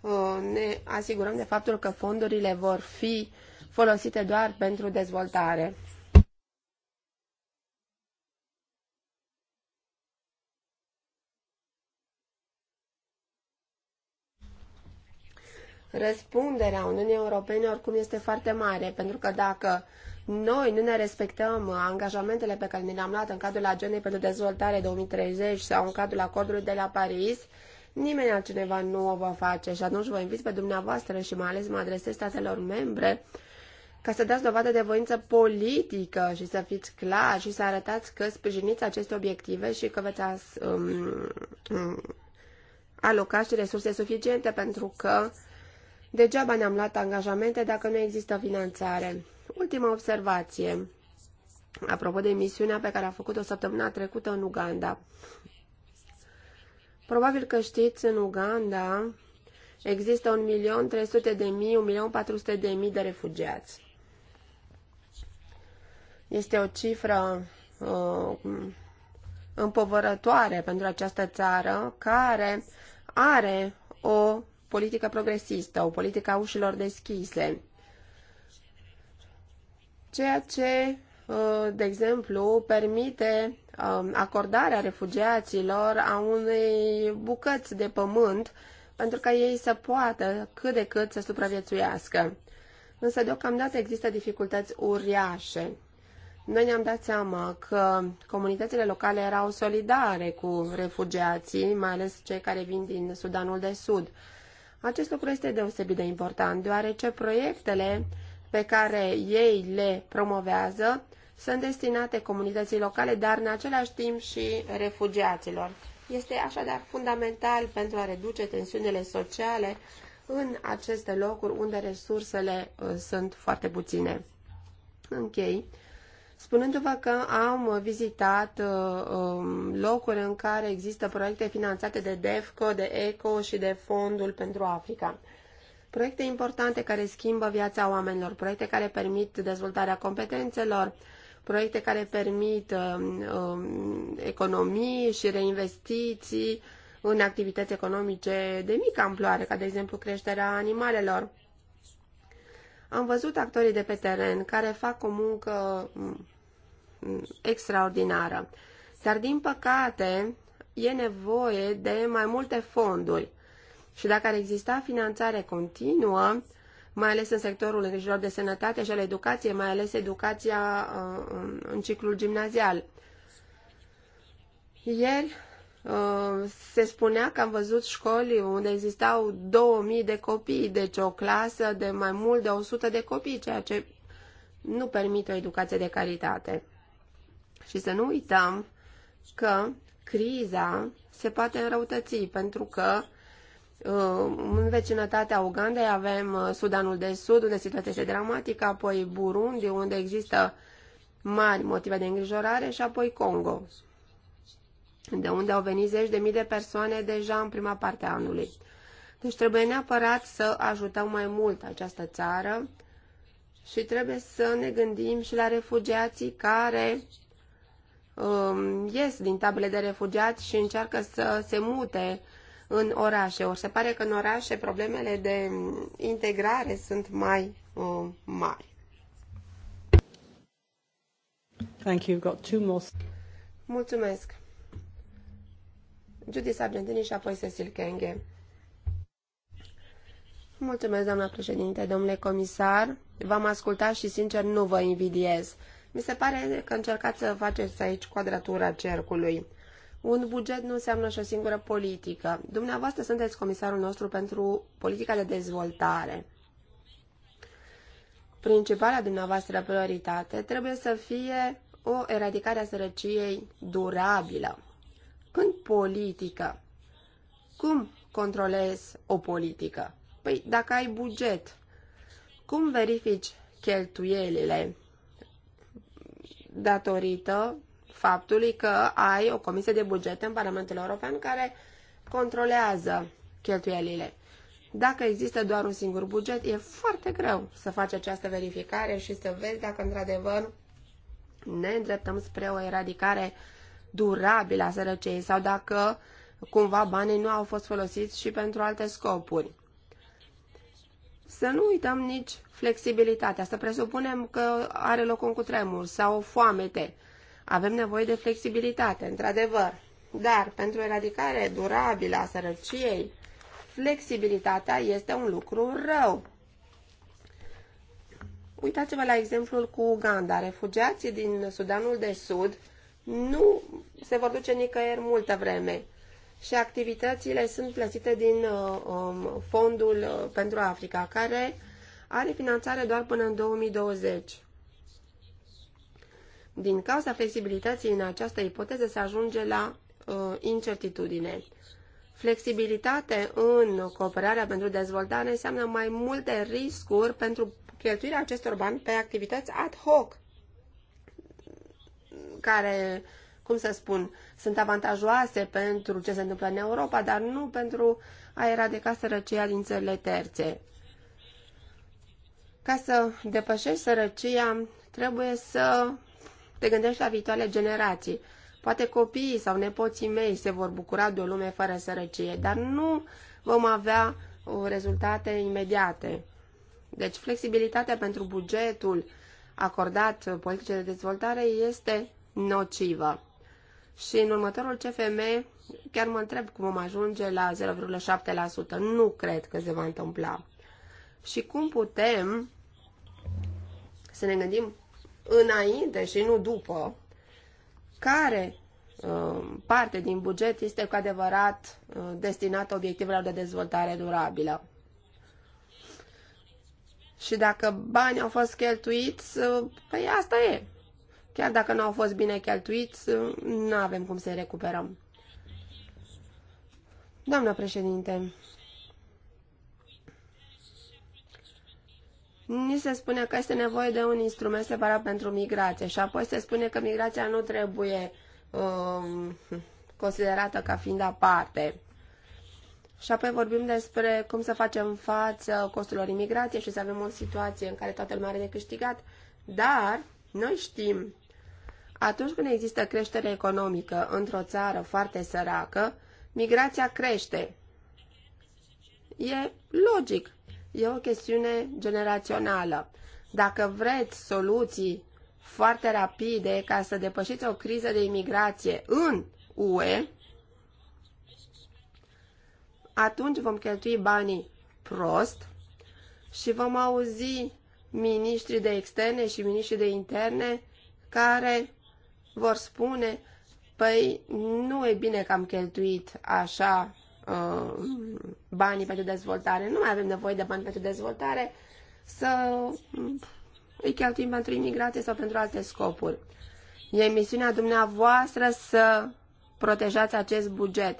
C: uh, ne asigurăm de faptul că fondurile vor fi folosite doar pentru dezvoltare. răspunderea Uniunii Europene oricum este foarte mare, pentru că dacă noi nu ne respectăm angajamentele pe care ne le-am luat în cadrul Agendei pentru Dezvoltare 2030 sau în cadrul acordului de la Paris, nimeni altcineva nu o va face și atunci vă invit pe dumneavoastră și mai ales mă adresez statelor membre ca să dați dovadă de voință politică și să fiți clar și să arătați că sprijiniți aceste obiective și că veți as,
B: um, um,
C: aloca și resurse suficiente pentru că Degeaba ne-am luat angajamente dacă nu există finanțare. Ultima observație, apropo de misiunea pe care a făcut-o săptămâna trecută în Uganda. Probabil că știți, în Uganda există 1.300.000-1.400.000 de refugiați. Este o cifră uh, împovărătoare pentru această țară care are o politică progresistă, o politică a ușilor deschise. Ceea ce, uh, de exemplu, permite um, acordarea refugiaților a unei bucăți de pământ pentru ca ei să poată cât de cât să supraviețuiască. Însă, deocamdată, există dificultăți uriașe. Noi ne-am dat seama că comunitățile locale erau solidare cu refugiații, mai ales cei care vin din Sudanul de Sud. Acest lucru este deosebit de important, deoarece proiectele pe care ei le promovează sunt destinate comunității locale, dar în același timp și refugiaților. Este așadar fundamental pentru a reduce tensiunile sociale în aceste locuri unde resursele uh, sunt foarte puține. Închei spunându-vă că am vizitat uh, um, locuri în care există proiecte finanțate de DEFCO, de ECO și de Fondul pentru Africa. Proiecte importante care schimbă viața oamenilor, proiecte care permit dezvoltarea competențelor, proiecte care permit um, um, economii și reinvestiții în activități economice de mică amploare, ca de exemplu creșterea animalelor am văzut actorii de pe teren care fac o muncă mm, mm, extraordinară, dar din păcate e nevoie de mai multe fonduri. Și dacă ar exista finanțare continuă, mai ales în sectorul îngrijilor de sănătate și al educației, mai ales educația uh, în ciclul gimnazial. Ieri Uh, se spunea că am văzut școli unde existau 2000 de copii, deci o clasă de mai mult de 100 de copii, ceea ce nu permite o educație de calitate. Și să nu uităm că criza se poate înrăutăți, pentru că uh, în vecinătatea Ugandei avem uh, Sudanul de Sud, unde situația este dramatică, apoi Burundi, unde există mari motive de îngrijorare, și apoi Congo de unde au venit zeci de mii de persoane deja în prima parte a anului. Deci trebuie neapărat să ajutăm mai mult această țară și trebuie să ne gândim și la refugiații care um, ies din tabele de refugiați și încearcă să se mute în orașe. Ori se pare că în orașe problemele de integrare sunt mai um,
B: mari. Thank you. Got two more.
C: Mulțumesc. Judy Sargentini și apoi Cecil Kenge. Mulțumesc, doamna președinte, domnule comisar. V-am ascultat și, sincer, nu vă invidiez. Mi se pare că încercați să faceți aici quadratura cercului. Un buget nu înseamnă și o singură politică. Dumneavoastră sunteți comisarul nostru pentru politica de dezvoltare. Principala dumneavoastră prioritate trebuie să fie o eradicare a sărăciei durabilă. Când politică, cum controlezi o politică? Păi dacă ai buget, cum verifici cheltuielile datorită faptului că ai o comisie de buget în Parlamentul European care controlează cheltuielile. Dacă există doar un singur buget, e foarte greu să faci această verificare și să vezi dacă într-adevăr ne îndreptăm spre o eradicare durabilă a sărăciei sau dacă cumva banii nu au fost folosiți și pentru alte scopuri. Să nu uităm nici flexibilitatea, să presupunem că are loc un cutremur sau o foamete. Avem nevoie de flexibilitate, într-adevăr. Dar pentru eradicare durabilă a sărăciei, flexibilitatea este un lucru rău. Uitați-vă la exemplul cu Uganda. Refugiații din Sudanul de Sud nu se vor duce nicăieri multă vreme și activitățile sunt plăsite din uh, um, Fondul uh, pentru Africa, care are finanțare doar până în 2020. Din cauza flexibilității în această ipoteză se ajunge la uh, incertitudine. Flexibilitate în cooperarea pentru dezvoltare înseamnă mai multe riscuri pentru cheltuirea acestor bani pe activități ad hoc care, cum să spun, sunt avantajoase pentru ce se întâmplă în Europa, dar nu pentru a eradica sărăcia din țările terțe. Ca să depășești sărăcia, trebuie să te gândești la viitoarele generații. Poate copiii sau nepoții mei se vor bucura de o lume fără sărăcie, dar nu vom avea uh, rezultate imediate. Deci flexibilitatea pentru bugetul acordat politicii de dezvoltare este nocivă. Și în următorul CFM chiar mă întreb cum vom ajunge la 0,7%. Nu cred că se va întâmpla. Și cum putem să ne gândim înainte și nu după care uh, parte din buget este cu adevărat uh, destinată obiectivelor de dezvoltare durabilă. Și dacă bani au fost cheltuiți, păi asta e. Chiar dacă nu au fost bine cheltuiți, nu avem cum să-i recuperăm. Doamna președinte, Ni se spune că este nevoie de un instrument separat pentru migrație și apoi se spune că migrația nu trebuie um, considerată ca fiind aparte. Și apoi vorbim despre cum să facem față costurilor imigrației și să avem o situație în care toată lumea are de câștigat. Dar noi știm, atunci când există creștere economică într-o țară foarte săracă, migrația crește. E logic. E o chestiune generațională. Dacă vreți soluții foarte rapide ca să depășiți o criză de imigrație în UE, atunci vom cheltui banii prost și vom auzi miniștri de externe și miniștri de interne care vor spune, păi nu e bine că am cheltuit așa uh, banii pentru dezvoltare, nu mai avem nevoie de bani pentru dezvoltare, să mm, îi cheltuim pentru imigrație sau pentru alte scopuri. E misiunea dumneavoastră să protejați acest buget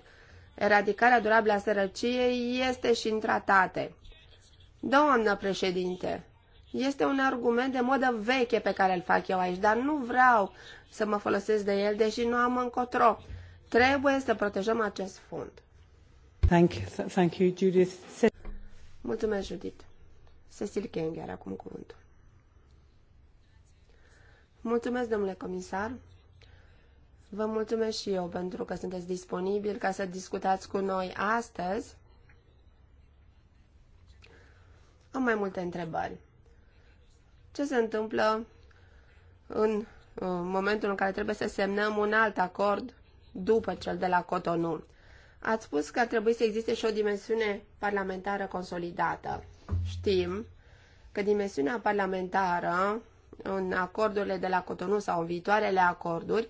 C: Eradicarea durabilă a sărăciei este și în tratate. Doamnă președinte, este un argument de modă veche pe care îl fac eu aici, dar nu vreau să mă folosesc de el, deși nu am încotro. Trebuie să protejăm acest fond.
B: Thank you, thank you Judith.
C: Mulțumesc, Judith. Cecil King are acum cuvântul. Mulțumesc, domnule comisar. Vă mulțumesc și eu pentru că sunteți disponibil ca să discutați cu noi astăzi. Am mai multe întrebări. Ce se întâmplă în uh, momentul în care trebuie să semnăm un alt acord după cel de la Cotonou? Ați spus că ar trebui să existe și o dimensiune parlamentară consolidată. Știm că dimensiunea parlamentară în acordurile de la Cotonou sau în viitoarele acorduri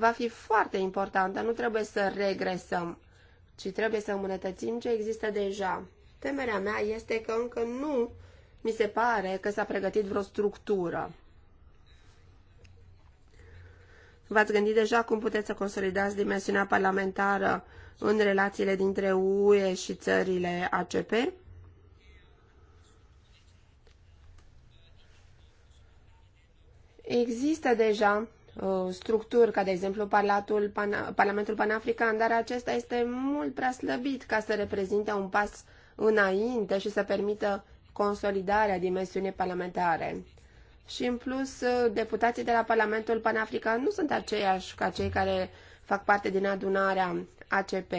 C: va fi foarte importantă. Nu trebuie să regresăm, ci trebuie să îmbunătățim ce există deja. Temerea mea este că încă nu mi se pare că s-a pregătit vreo structură. V-ați gândit deja cum puteți să consolidați dimensiunea parlamentară în relațiile dintre UE și țările ACP? Există deja Uh, structuri, ca de exemplu Parlatul, Pana, Parlamentul Panafrican, dar acesta este mult prea slăbit ca să reprezinte un pas înainte și să permită consolidarea dimensiunii parlamentare. Și în plus, uh, deputații de la Parlamentul Panafrican nu sunt aceiași ca cei care fac parte din adunarea ACP.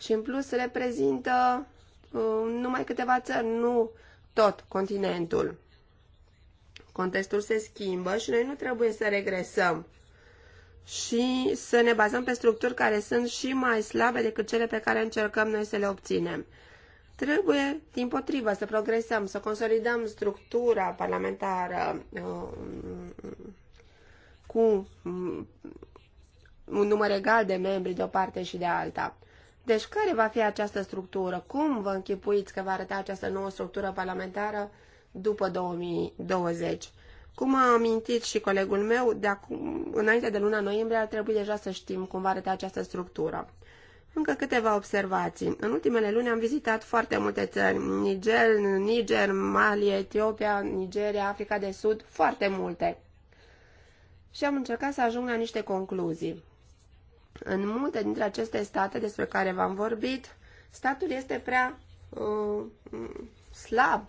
C: Și în plus reprezintă uh, numai câteva țări, nu tot continentul. Contextul se schimbă și noi nu trebuie să regresăm și să ne bazăm pe structuri care sunt și mai slabe decât cele pe care încercăm noi să le obținem. Trebuie, din potrivă, să progresăm, să consolidăm structura parlamentară uh, cu un număr egal de membri de o parte și de alta. Deci care va fi această structură? Cum vă închipuiți că va arăta această nouă structură parlamentară după 2020. Cum a amintit și colegul meu, de acum, înainte de luna noiembrie ar trebui deja să știm cum va arăta această structură. Încă câteva observații. În ultimele luni am vizitat foarte multe țări. Niger, Niger, Mali, Etiopia, Nigeria, Africa de Sud, foarte multe. Și am încercat să ajung la niște concluzii. În multe dintre aceste state despre care v-am vorbit, statul este prea uh, slab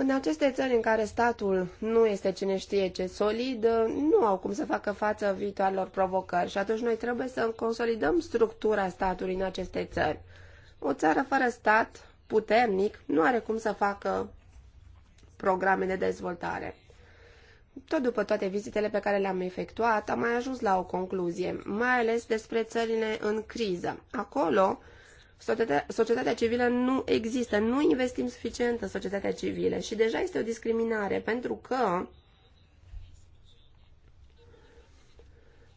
C: în aceste țări în care statul nu este cine știe ce solid, nu au cum să facă față viitoarelor provocări și atunci noi trebuie să consolidăm structura statului în aceste țări. O țară fără stat puternic nu are cum să facă programe de dezvoltare. Tot după toate vizitele pe care le-am efectuat, am mai ajuns la o concluzie, mai ales despre țările în criză. Acolo, societatea, societatea civilă nu există, nu investim suficient în societatea civilă și deja este o discriminare pentru că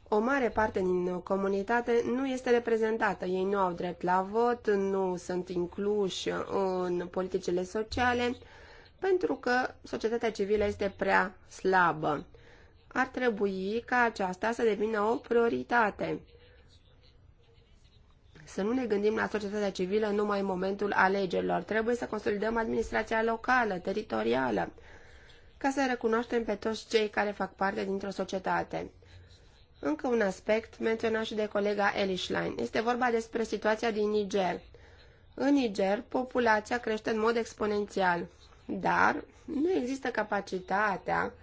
C: o mare parte din comunitate nu este reprezentată. Ei nu au drept la vot, nu sunt incluși în politicile sociale, pentru că societatea civilă este prea slabă. Ar trebui ca aceasta să devină o prioritate. Să nu ne gândim la societatea civilă numai în momentul alegerilor. Trebuie să consolidăm administrația locală, teritorială, ca să recunoaștem pe toți cei care fac parte dintr-o societate. Încă un aspect menționat și de colega Elishline. Este vorba despre situația din Niger. În Niger, populația crește în mod exponențial, dar nu există capacitatea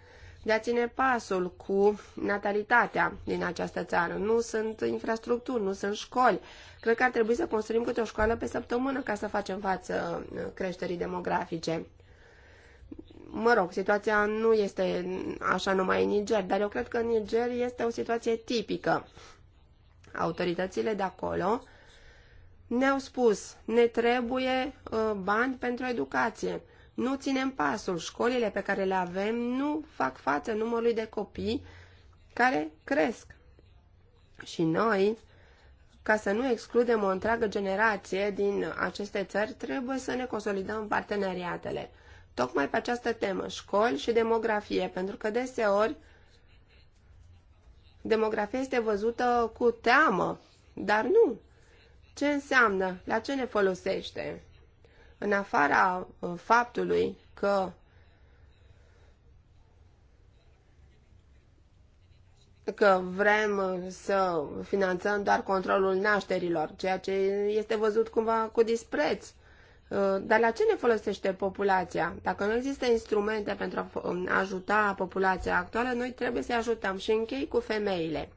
C: de a ține pasul cu natalitatea din această țară. Nu sunt infrastructuri, nu sunt școli. Cred că ar trebui să construim câte o școală pe săptămână ca să facem față uh, creșterii demografice. Mă rog, situația nu este așa numai în Niger, dar eu cred că în Niger este o situație tipică. Autoritățile de acolo ne-au spus, ne trebuie uh, bani pentru educație nu ținem pasul. Școlile pe care le avem nu fac față numărului de copii care cresc. Și noi, ca să nu excludem o întreagă generație din aceste țări, trebuie să ne consolidăm parteneriatele. Tocmai pe această temă, școli și demografie, pentru că deseori demografia este văzută cu teamă, dar nu. Ce înseamnă? La ce ne folosește? în afara uh, faptului că că vrem uh, să finanțăm doar controlul nașterilor, ceea ce este văzut cumva cu dispreț. Uh, dar la ce ne folosește populația? Dacă nu există instrumente pentru a um, ajuta populația actuală, noi trebuie să ajutăm și închei cu femeile.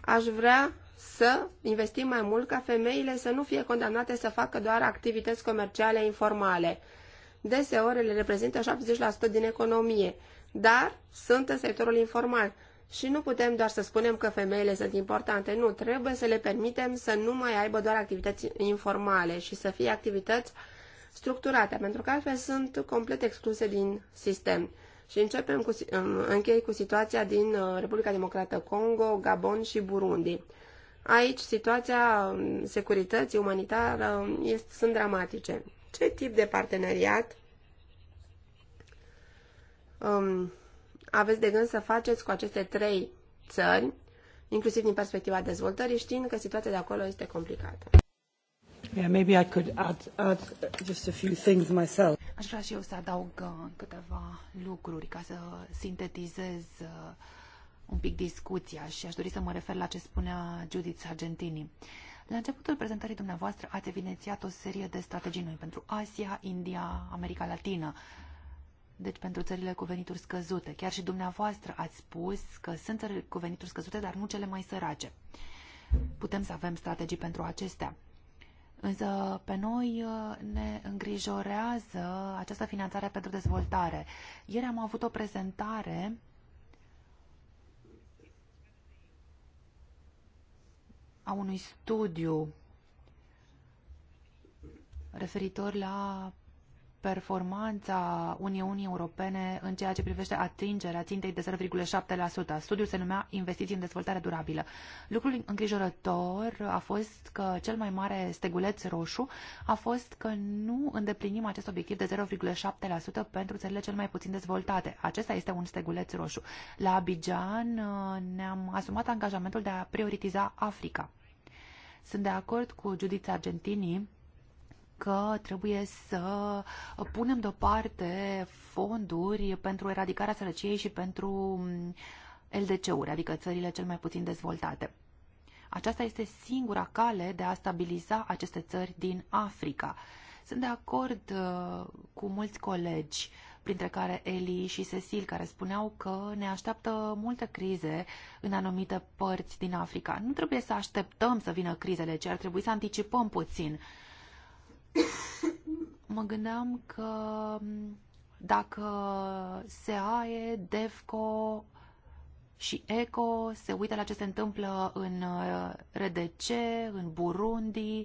C: Aș vrea să investim mai mult ca femeile să nu fie condamnate să facă doar activități comerciale informale. Deseori ele reprezintă 70% din economie, dar sunt în sectorul informal și nu putem doar să spunem că femeile sunt importante, nu, trebuie să le permitem să nu mai aibă doar activități informale și să fie activități structurate, pentru că altfel sunt complet excluse din sistem. Și începem cu, închei cu situația din uh, Republica Democrată Congo, Gabon și Burundi. Aici situația um, securității umanitară um, este, sunt dramatice. Ce tip de parteneriat um, aveți de gând să faceți cu aceste trei țări, inclusiv din perspectiva dezvoltării, știind că situația de acolo este complicată?
B: Yeah, maybe I could add, add just a few things myself.
C: Aș vrea și eu să adaug uh,
A: câteva lucruri ca să sintetizez uh, un pic discuția și aș dori să mă refer la ce spunea Judith Sargentini. La începutul prezentării dumneavoastră ați evidențiat o serie de strategii noi pentru Asia, India, America Latină, deci pentru țările cu venituri scăzute. Chiar și dumneavoastră ați spus că sunt țări cu venituri scăzute, dar nu cele mai sărace. Putem să avem strategii pentru acestea. Însă pe noi uh, ne îngrijorează această finanțare pentru dezvoltare. Ieri am avut o prezentare a unui studiu referitor la performanța Uniunii Europene în ceea ce privește atingerea țintei de 0,7%. Studiul se numea Investiții în dezvoltare durabilă. Lucrul îngrijorător a fost că cel mai mare steguleț roșu a fost că nu îndeplinim acest obiectiv de 0,7% pentru țările cel mai puțin dezvoltate. Acesta este un steguleț roșu. La Abidjan uh, ne-am asumat angajamentul de a prioritiza Africa. Sunt de acord cu Judith Argentinii că trebuie să punem deoparte fonduri pentru eradicarea sărăciei și pentru mm, LDC-uri, adică țările cel mai puțin dezvoltate. Aceasta este singura cale de a stabiliza aceste țări din Africa. Sunt de acord uh, cu mulți colegi, printre care Eli și Cecil, care spuneau că ne așteaptă multe crize în anumite părți din Africa. Nu trebuie să așteptăm să vină crizele, ci ar trebui să anticipăm puțin mă gândeam că dacă SEAE, defco și ECO se uită la ce se întâmplă în uh, RDC, în Burundi,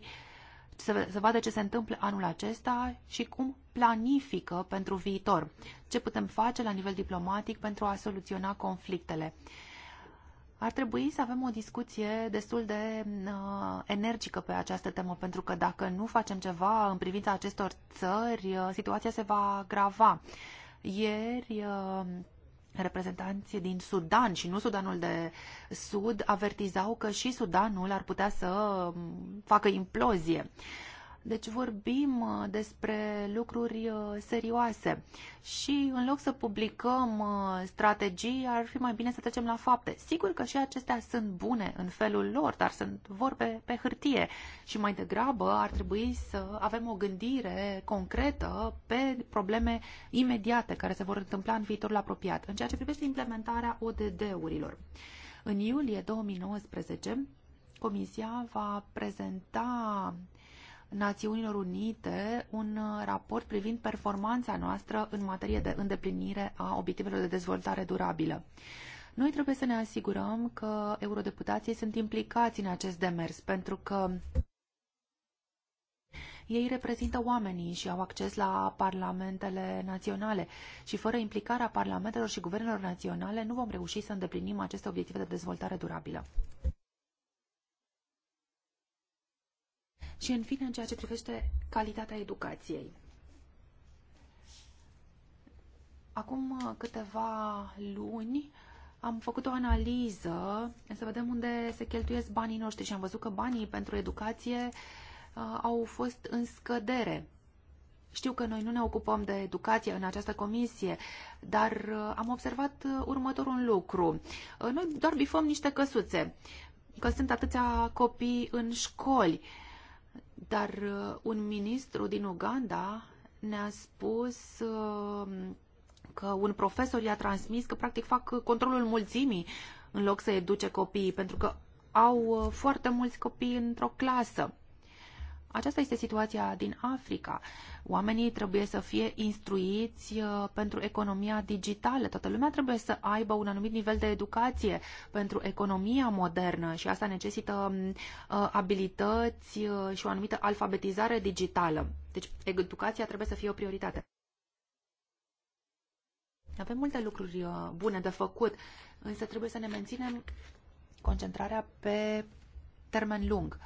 A: să, să vadă ce se întâmplă anul acesta și cum planifică pentru viitor. Ce putem face la nivel diplomatic pentru a soluționa conflictele. Uh, ar trebui să avem o discuție destul de uh, energică pe această temă, pentru că dacă nu facem ceva în privința acestor țări, uh, situația se va grava. Ieri, uh, reprezentanții din Sudan și nu Sudanul de Sud avertizau că și Sudanul ar putea să um, facă implozie. Uh, deci vorbim uh, despre lucruri uh, serioase și în loc să publicăm uh, strategii, ar fi mai bine să trecem la fapte. Sigur că și acestea sunt bune în felul lor, dar sunt vorbe pe hârtie și mai degrabă ar trebui să avem o gândire concretă pe probleme imediate care se vor întâmpla în viitorul apropiat, în ceea ce privește implementarea ODD-urilor. În iulie 2019, Comisia va prezenta Națiunilor Unite un uh, raport privind performanța noastră în materie de îndeplinire a obiectivelor de dezvoltare durabilă. Noi trebuie să ne asigurăm că eurodeputații sunt implicați în acest demers, pentru că ei reprezintă oamenii și au acces la parlamentele naționale și fără implicarea parlamentelor și guvernelor naționale nu vom reuși să îndeplinim aceste obiective de dezvoltare durabilă. și, în fine, în ceea ce privește calitatea educației. Acum uh, câteva luni am făcut o analiză să vedem unde se cheltuiesc banii noștri și am văzut că banii pentru educație uh, au fost în scădere. Știu că noi nu ne ocupăm de educație în această comisie, dar uh, am observat uh, următorul lucru. noi doar bifăm niște căsuțe, că sunt atâția copii în școli. Dar uh, un ministru din Uganda ne-a spus uh, că un profesor i-a transmis că practic fac controlul mulțimii în loc să educe copiii, pentru că au uh, foarte mulți copii într-o clasă. Aceasta este situația din Africa. Oamenii trebuie să fie instruiți uh, pentru economia digitală. Toată lumea trebuie să aibă un anumit nivel de educație pentru economia modernă și asta necesită mm, uh, abilități uh, și o anumită alfabetizare digitală. Deci educația trebuie să fie o prioritate. Avem multe lucruri bune de făcut, însă trebuie să ne menținem concentrarea pe termen lung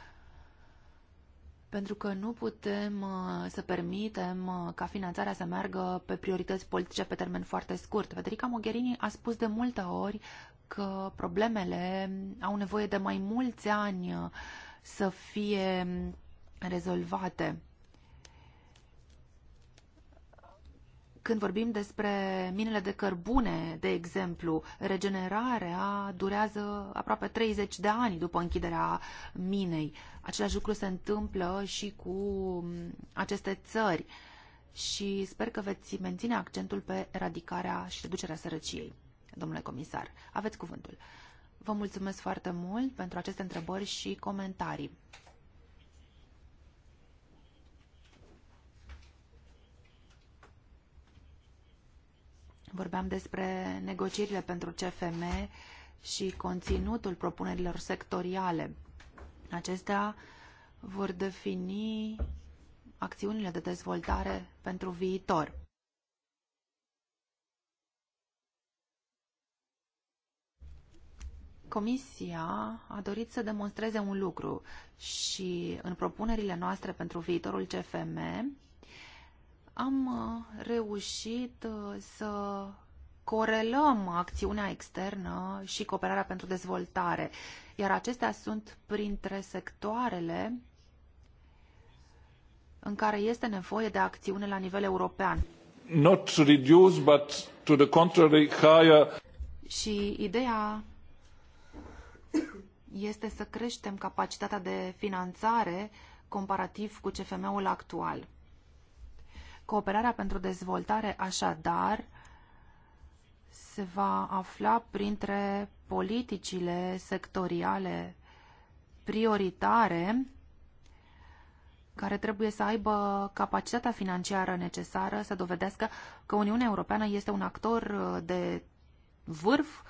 A: pentru că nu putem uh, să permitem uh, ca finanțarea să meargă pe priorități politice pe termen foarte scurt. Federica Mogherini a spus de multe ori că problemele au nevoie de mai mulți ani uh, să fie rezolvate. Când vorbim despre minele de cărbune, de exemplu, regenerarea durează aproape 30 de ani după închiderea minei. Același lucru se întâmplă și cu mm, aceste țări și sper că veți menține accentul pe eradicarea și reducerea sărăciei. Domnule comisar, aveți cuvântul. Vă mulțumesc foarte mult pentru aceste întrebări și comentarii. Vorbeam despre negocierile pentru CFM și conținutul propunerilor sectoriale. Acestea vor defini acțiunile de dezvoltare pentru viitor. Comisia a dorit să demonstreze un lucru și în propunerile noastre pentru viitorul CFM am uh, reușit uh, să corelăm acțiunea externă și cooperarea pentru dezvoltare, iar acestea sunt printre sectoarele în care este nevoie de acțiune la nivel european.
B: Not reduce, but to the contrary, higher.
A: Și ideea este să creștem capacitatea de finanțare comparativ cu CFM-ul actual. Cooperarea pentru dezvoltare, așadar, se va afla printre politicile sectoriale prioritare care trebuie să aibă capacitatea financiară necesară să dovedească că Uniunea Europeană este un actor uh, de vârf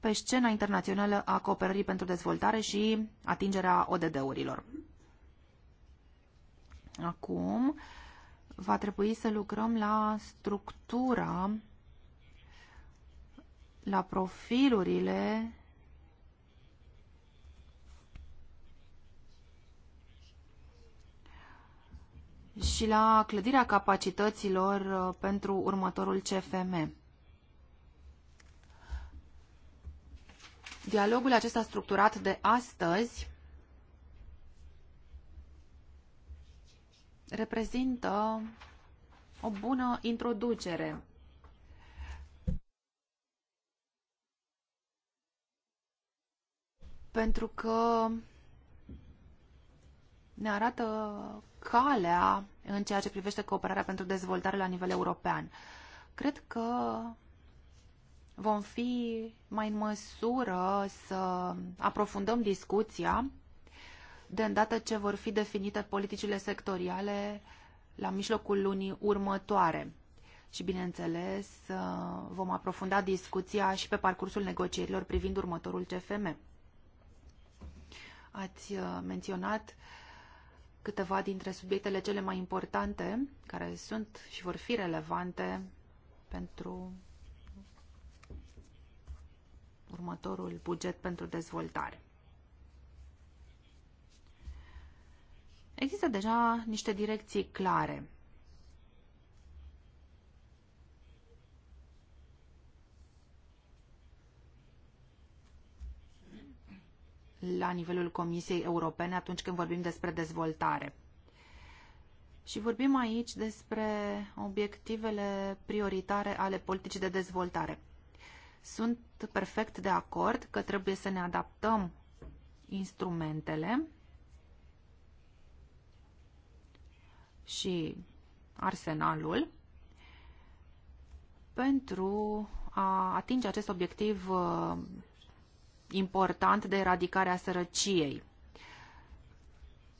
A: pe scena internațională a cooperării pentru dezvoltare și atingerea ODD-urilor. Acum va trebui să lucrăm la structura, la profilurile și la clădirea capacităților uh, pentru următorul CFM. Dialogul acesta structurat de astăzi reprezintă o bună introducere. Pentru că ne arată calea în ceea ce privește cooperarea pentru dezvoltare la nivel european. Cred că vom fi mai în măsură să aprofundăm discuția de îndată ce vor fi definite politicile sectoriale la mijlocul lunii următoare. Și, bineînțeles, uh, vom aprofunda discuția și pe parcursul negocierilor privind următorul CFM. Ați uh, menționat câteva dintre subiectele cele mai importante care sunt și vor fi relevante pentru următorul buget pentru dezvoltare. Există deja niște direcții clare. la nivelul Comisiei Europene atunci când vorbim despre dezvoltare. Și vorbim aici despre obiectivele prioritare ale politicii de dezvoltare. Sunt perfect de acord că trebuie să ne adaptăm instrumentele și arsenalul pentru a atinge acest obiectiv uh, important de eradicare a sărăciei.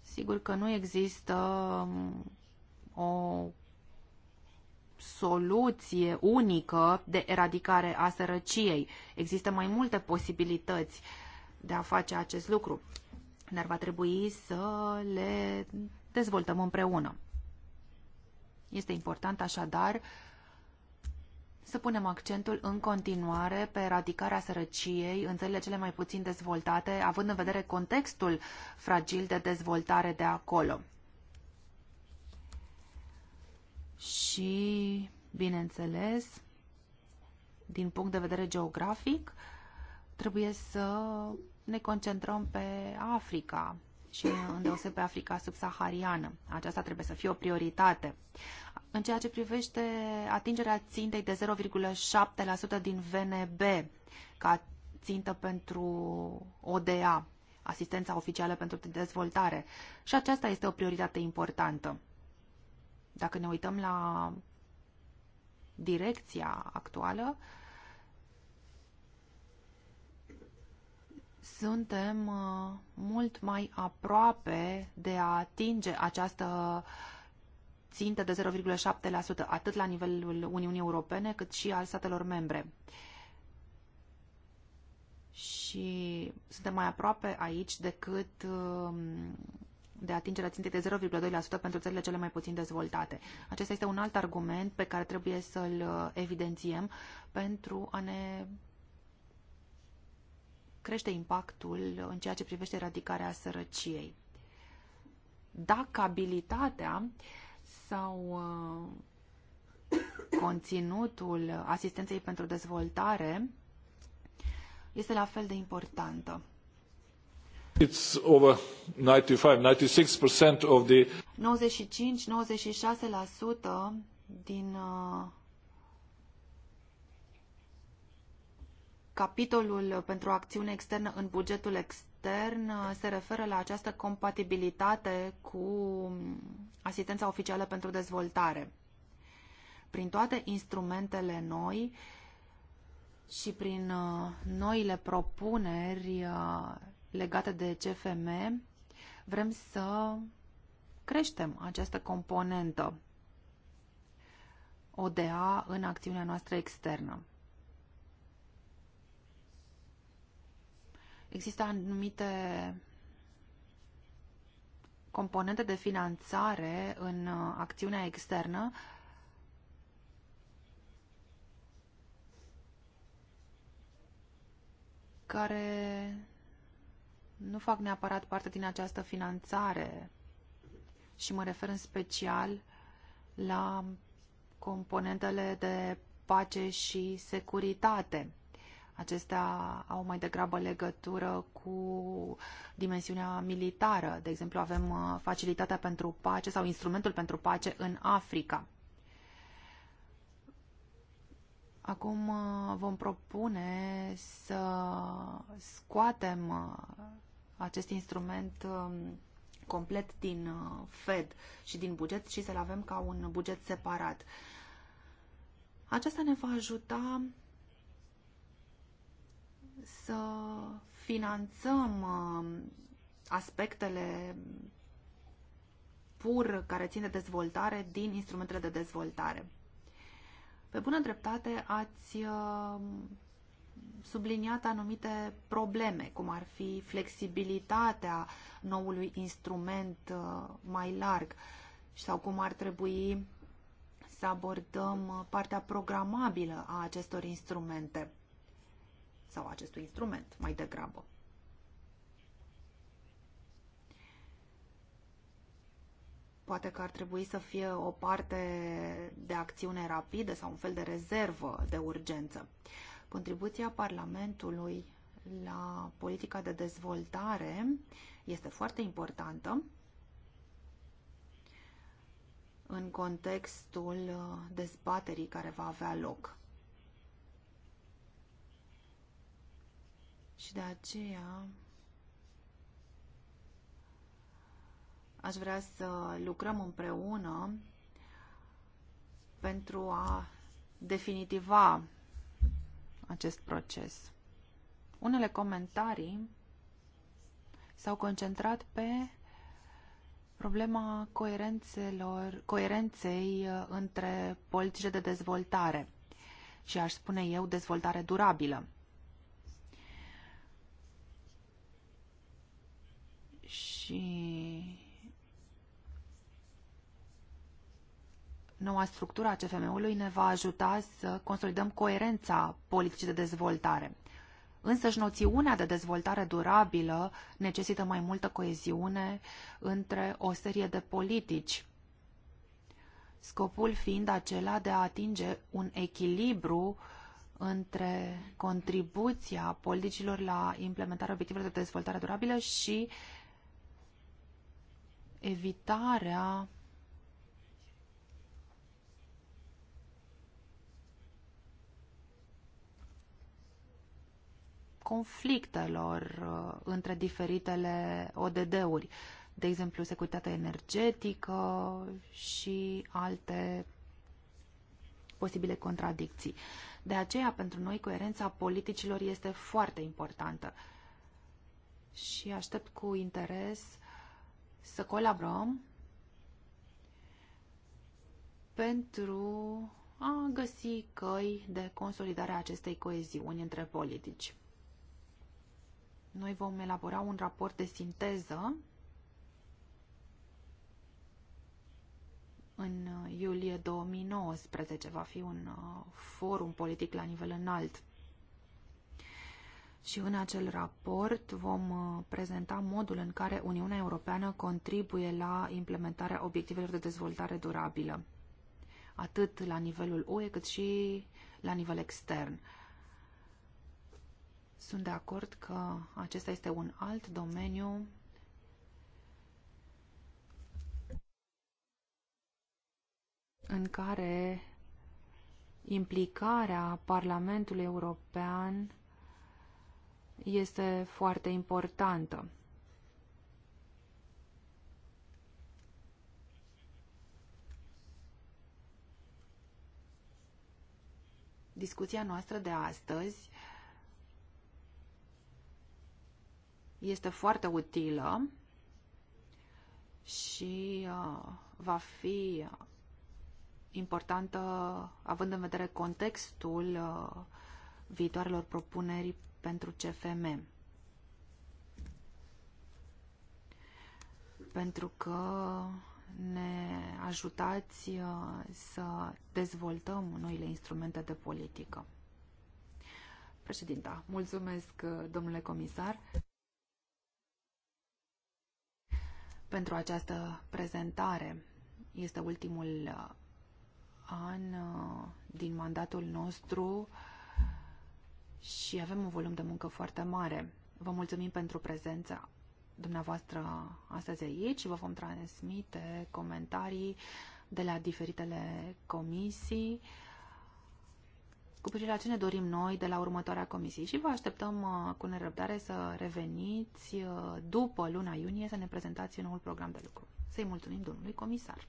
A: Sigur că nu există um, o soluție unică de eradicare a sărăciei. Există mai multe posibilități de a face acest lucru, dar va trebui să le dezvoltăm împreună. Este important așadar să punem accentul în continuare pe eradicarea sărăciei în țările cele mai puțin dezvoltate, având în vedere contextul fragil de dezvoltare de acolo. Și, bineînțeles, din punct de vedere geografic, trebuie să ne concentrăm pe Africa, și îndeoseb pe Africa subsahariană. Aceasta trebuie să fie o prioritate. În ceea ce privește atingerea țintei de 0,7% din VNB ca țintă pentru ODA, asistența oficială pentru dezvoltare. Și aceasta este o prioritate importantă. Dacă ne uităm la direcția actuală, uh, suntem uh, mult mai aproape de a atinge această țintă de 0,7%, atât la nivelul Uniunii Europene, cât și al statelor membre. Și suntem mai aproape aici decât um, de atingerea țintei de 0,2% pentru țările cele mai puțin dezvoltate. Acesta este un alt argument pe care trebuie să-l uh, evidențiem pentru a ne crește impactul în ceea ce privește eradicarea sărăciei. Dacă abilitatea sau uh, conținutul asistenței pentru dezvoltare este la fel de importantă.
B: It's over 95-96% of the 95-96%
A: din uh, Capitolul pentru acțiune externă în bugetul extern uh, se referă la această compatibilitate cu um, asistența oficială pentru dezvoltare. Prin toate instrumentele noi și prin uh, noile propuneri uh, legate de CFM, vrem să creștem această componentă ODA în acțiunea noastră externă. Există anumite componente de finanțare în uh, acțiunea externă care nu fac neapărat parte din această finanțare și mă refer în special la componentele de pace și securitate. Acestea au mai degrabă legătură cu dimensiunea militară. De exemplu, avem uh, facilitatea pentru pace sau instrumentul pentru pace în Africa. Acum uh, vom propune să scoatem uh, acest instrument um, complet din Fed și din buget și să-l avem ca un buget separat. Aceasta ne va ajuta să finanțăm um, aspectele pur care țin de dezvoltare din instrumentele de dezvoltare. Pe bună dreptate ați um, subliniat anumite probleme, cum ar fi flexibilitatea noului instrument uh, mai larg sau cum ar trebui să abordăm uh, partea programabilă a acestor instrumente sau acestui instrument, mai degrabă. Poate că ar trebui să fie o parte de acțiune rapidă sau un fel de rezervă de urgență. Contribuția Parlamentului la politica de dezvoltare este foarte importantă în contextul dezbaterii care va avea loc. Și de aceea aș vrea să lucrăm împreună pentru a definitiva acest proces. Unele comentarii s-au concentrat pe problema coerențelor, coerenței uh, între politice de dezvoltare și aș spune eu dezvoltare durabilă. și noua structură a CFM-ului ne va ajuta să consolidăm coerența politicii de dezvoltare. Însă și noțiunea de dezvoltare durabilă necesită mai multă coeziune între o serie de politici, scopul fiind acela de a atinge un echilibru între contribuția politicilor la implementarea obiectivelor de dezvoltare durabilă și uh, evitarea conflictelor uh, între diferitele ODD-uri, de exemplu securitatea energetică și alte posibile contradicții. De aceea, pentru noi, coerența politicilor este foarte importantă și aștept cu interes să colaborăm pentru a găsi căi de consolidare a acestei coeziuni între politici. Noi vom elabora un raport de sinteză în iulie 2019. Va fi un uh, forum politic la nivel înalt și în acel raport vom uh, prezenta modul în care Uniunea Europeană contribuie la implementarea obiectivelor de dezvoltare durabilă, atât la nivelul UE cât și la nivel extern. Sunt de acord că acesta este un alt domeniu în care implicarea Parlamentului European este foarte importantă. Discuția noastră de astăzi este foarte utilă și uh, va fi importantă având în vedere contextul uh, viitoarelor propuneri pentru CFM. Pentru că ne ajutați uh, să dezvoltăm noile instrumente de politică. Președinta, mulțumesc, uh, domnule comisar, pentru această prezentare. Este ultimul uh, an din mandatul nostru și avem un volum de muncă foarte mare. Vă mulțumim pentru prezența dumneavoastră astăzi aici și vă vom transmite comentarii de la diferitele comisii cu privire la ce ne dorim noi de la următoarea comisie și vă așteptăm uh, cu nerăbdare să reveniți uh, după luna iunie să ne prezentați noul program de lucru. Să-i mulțumim domnului comisar.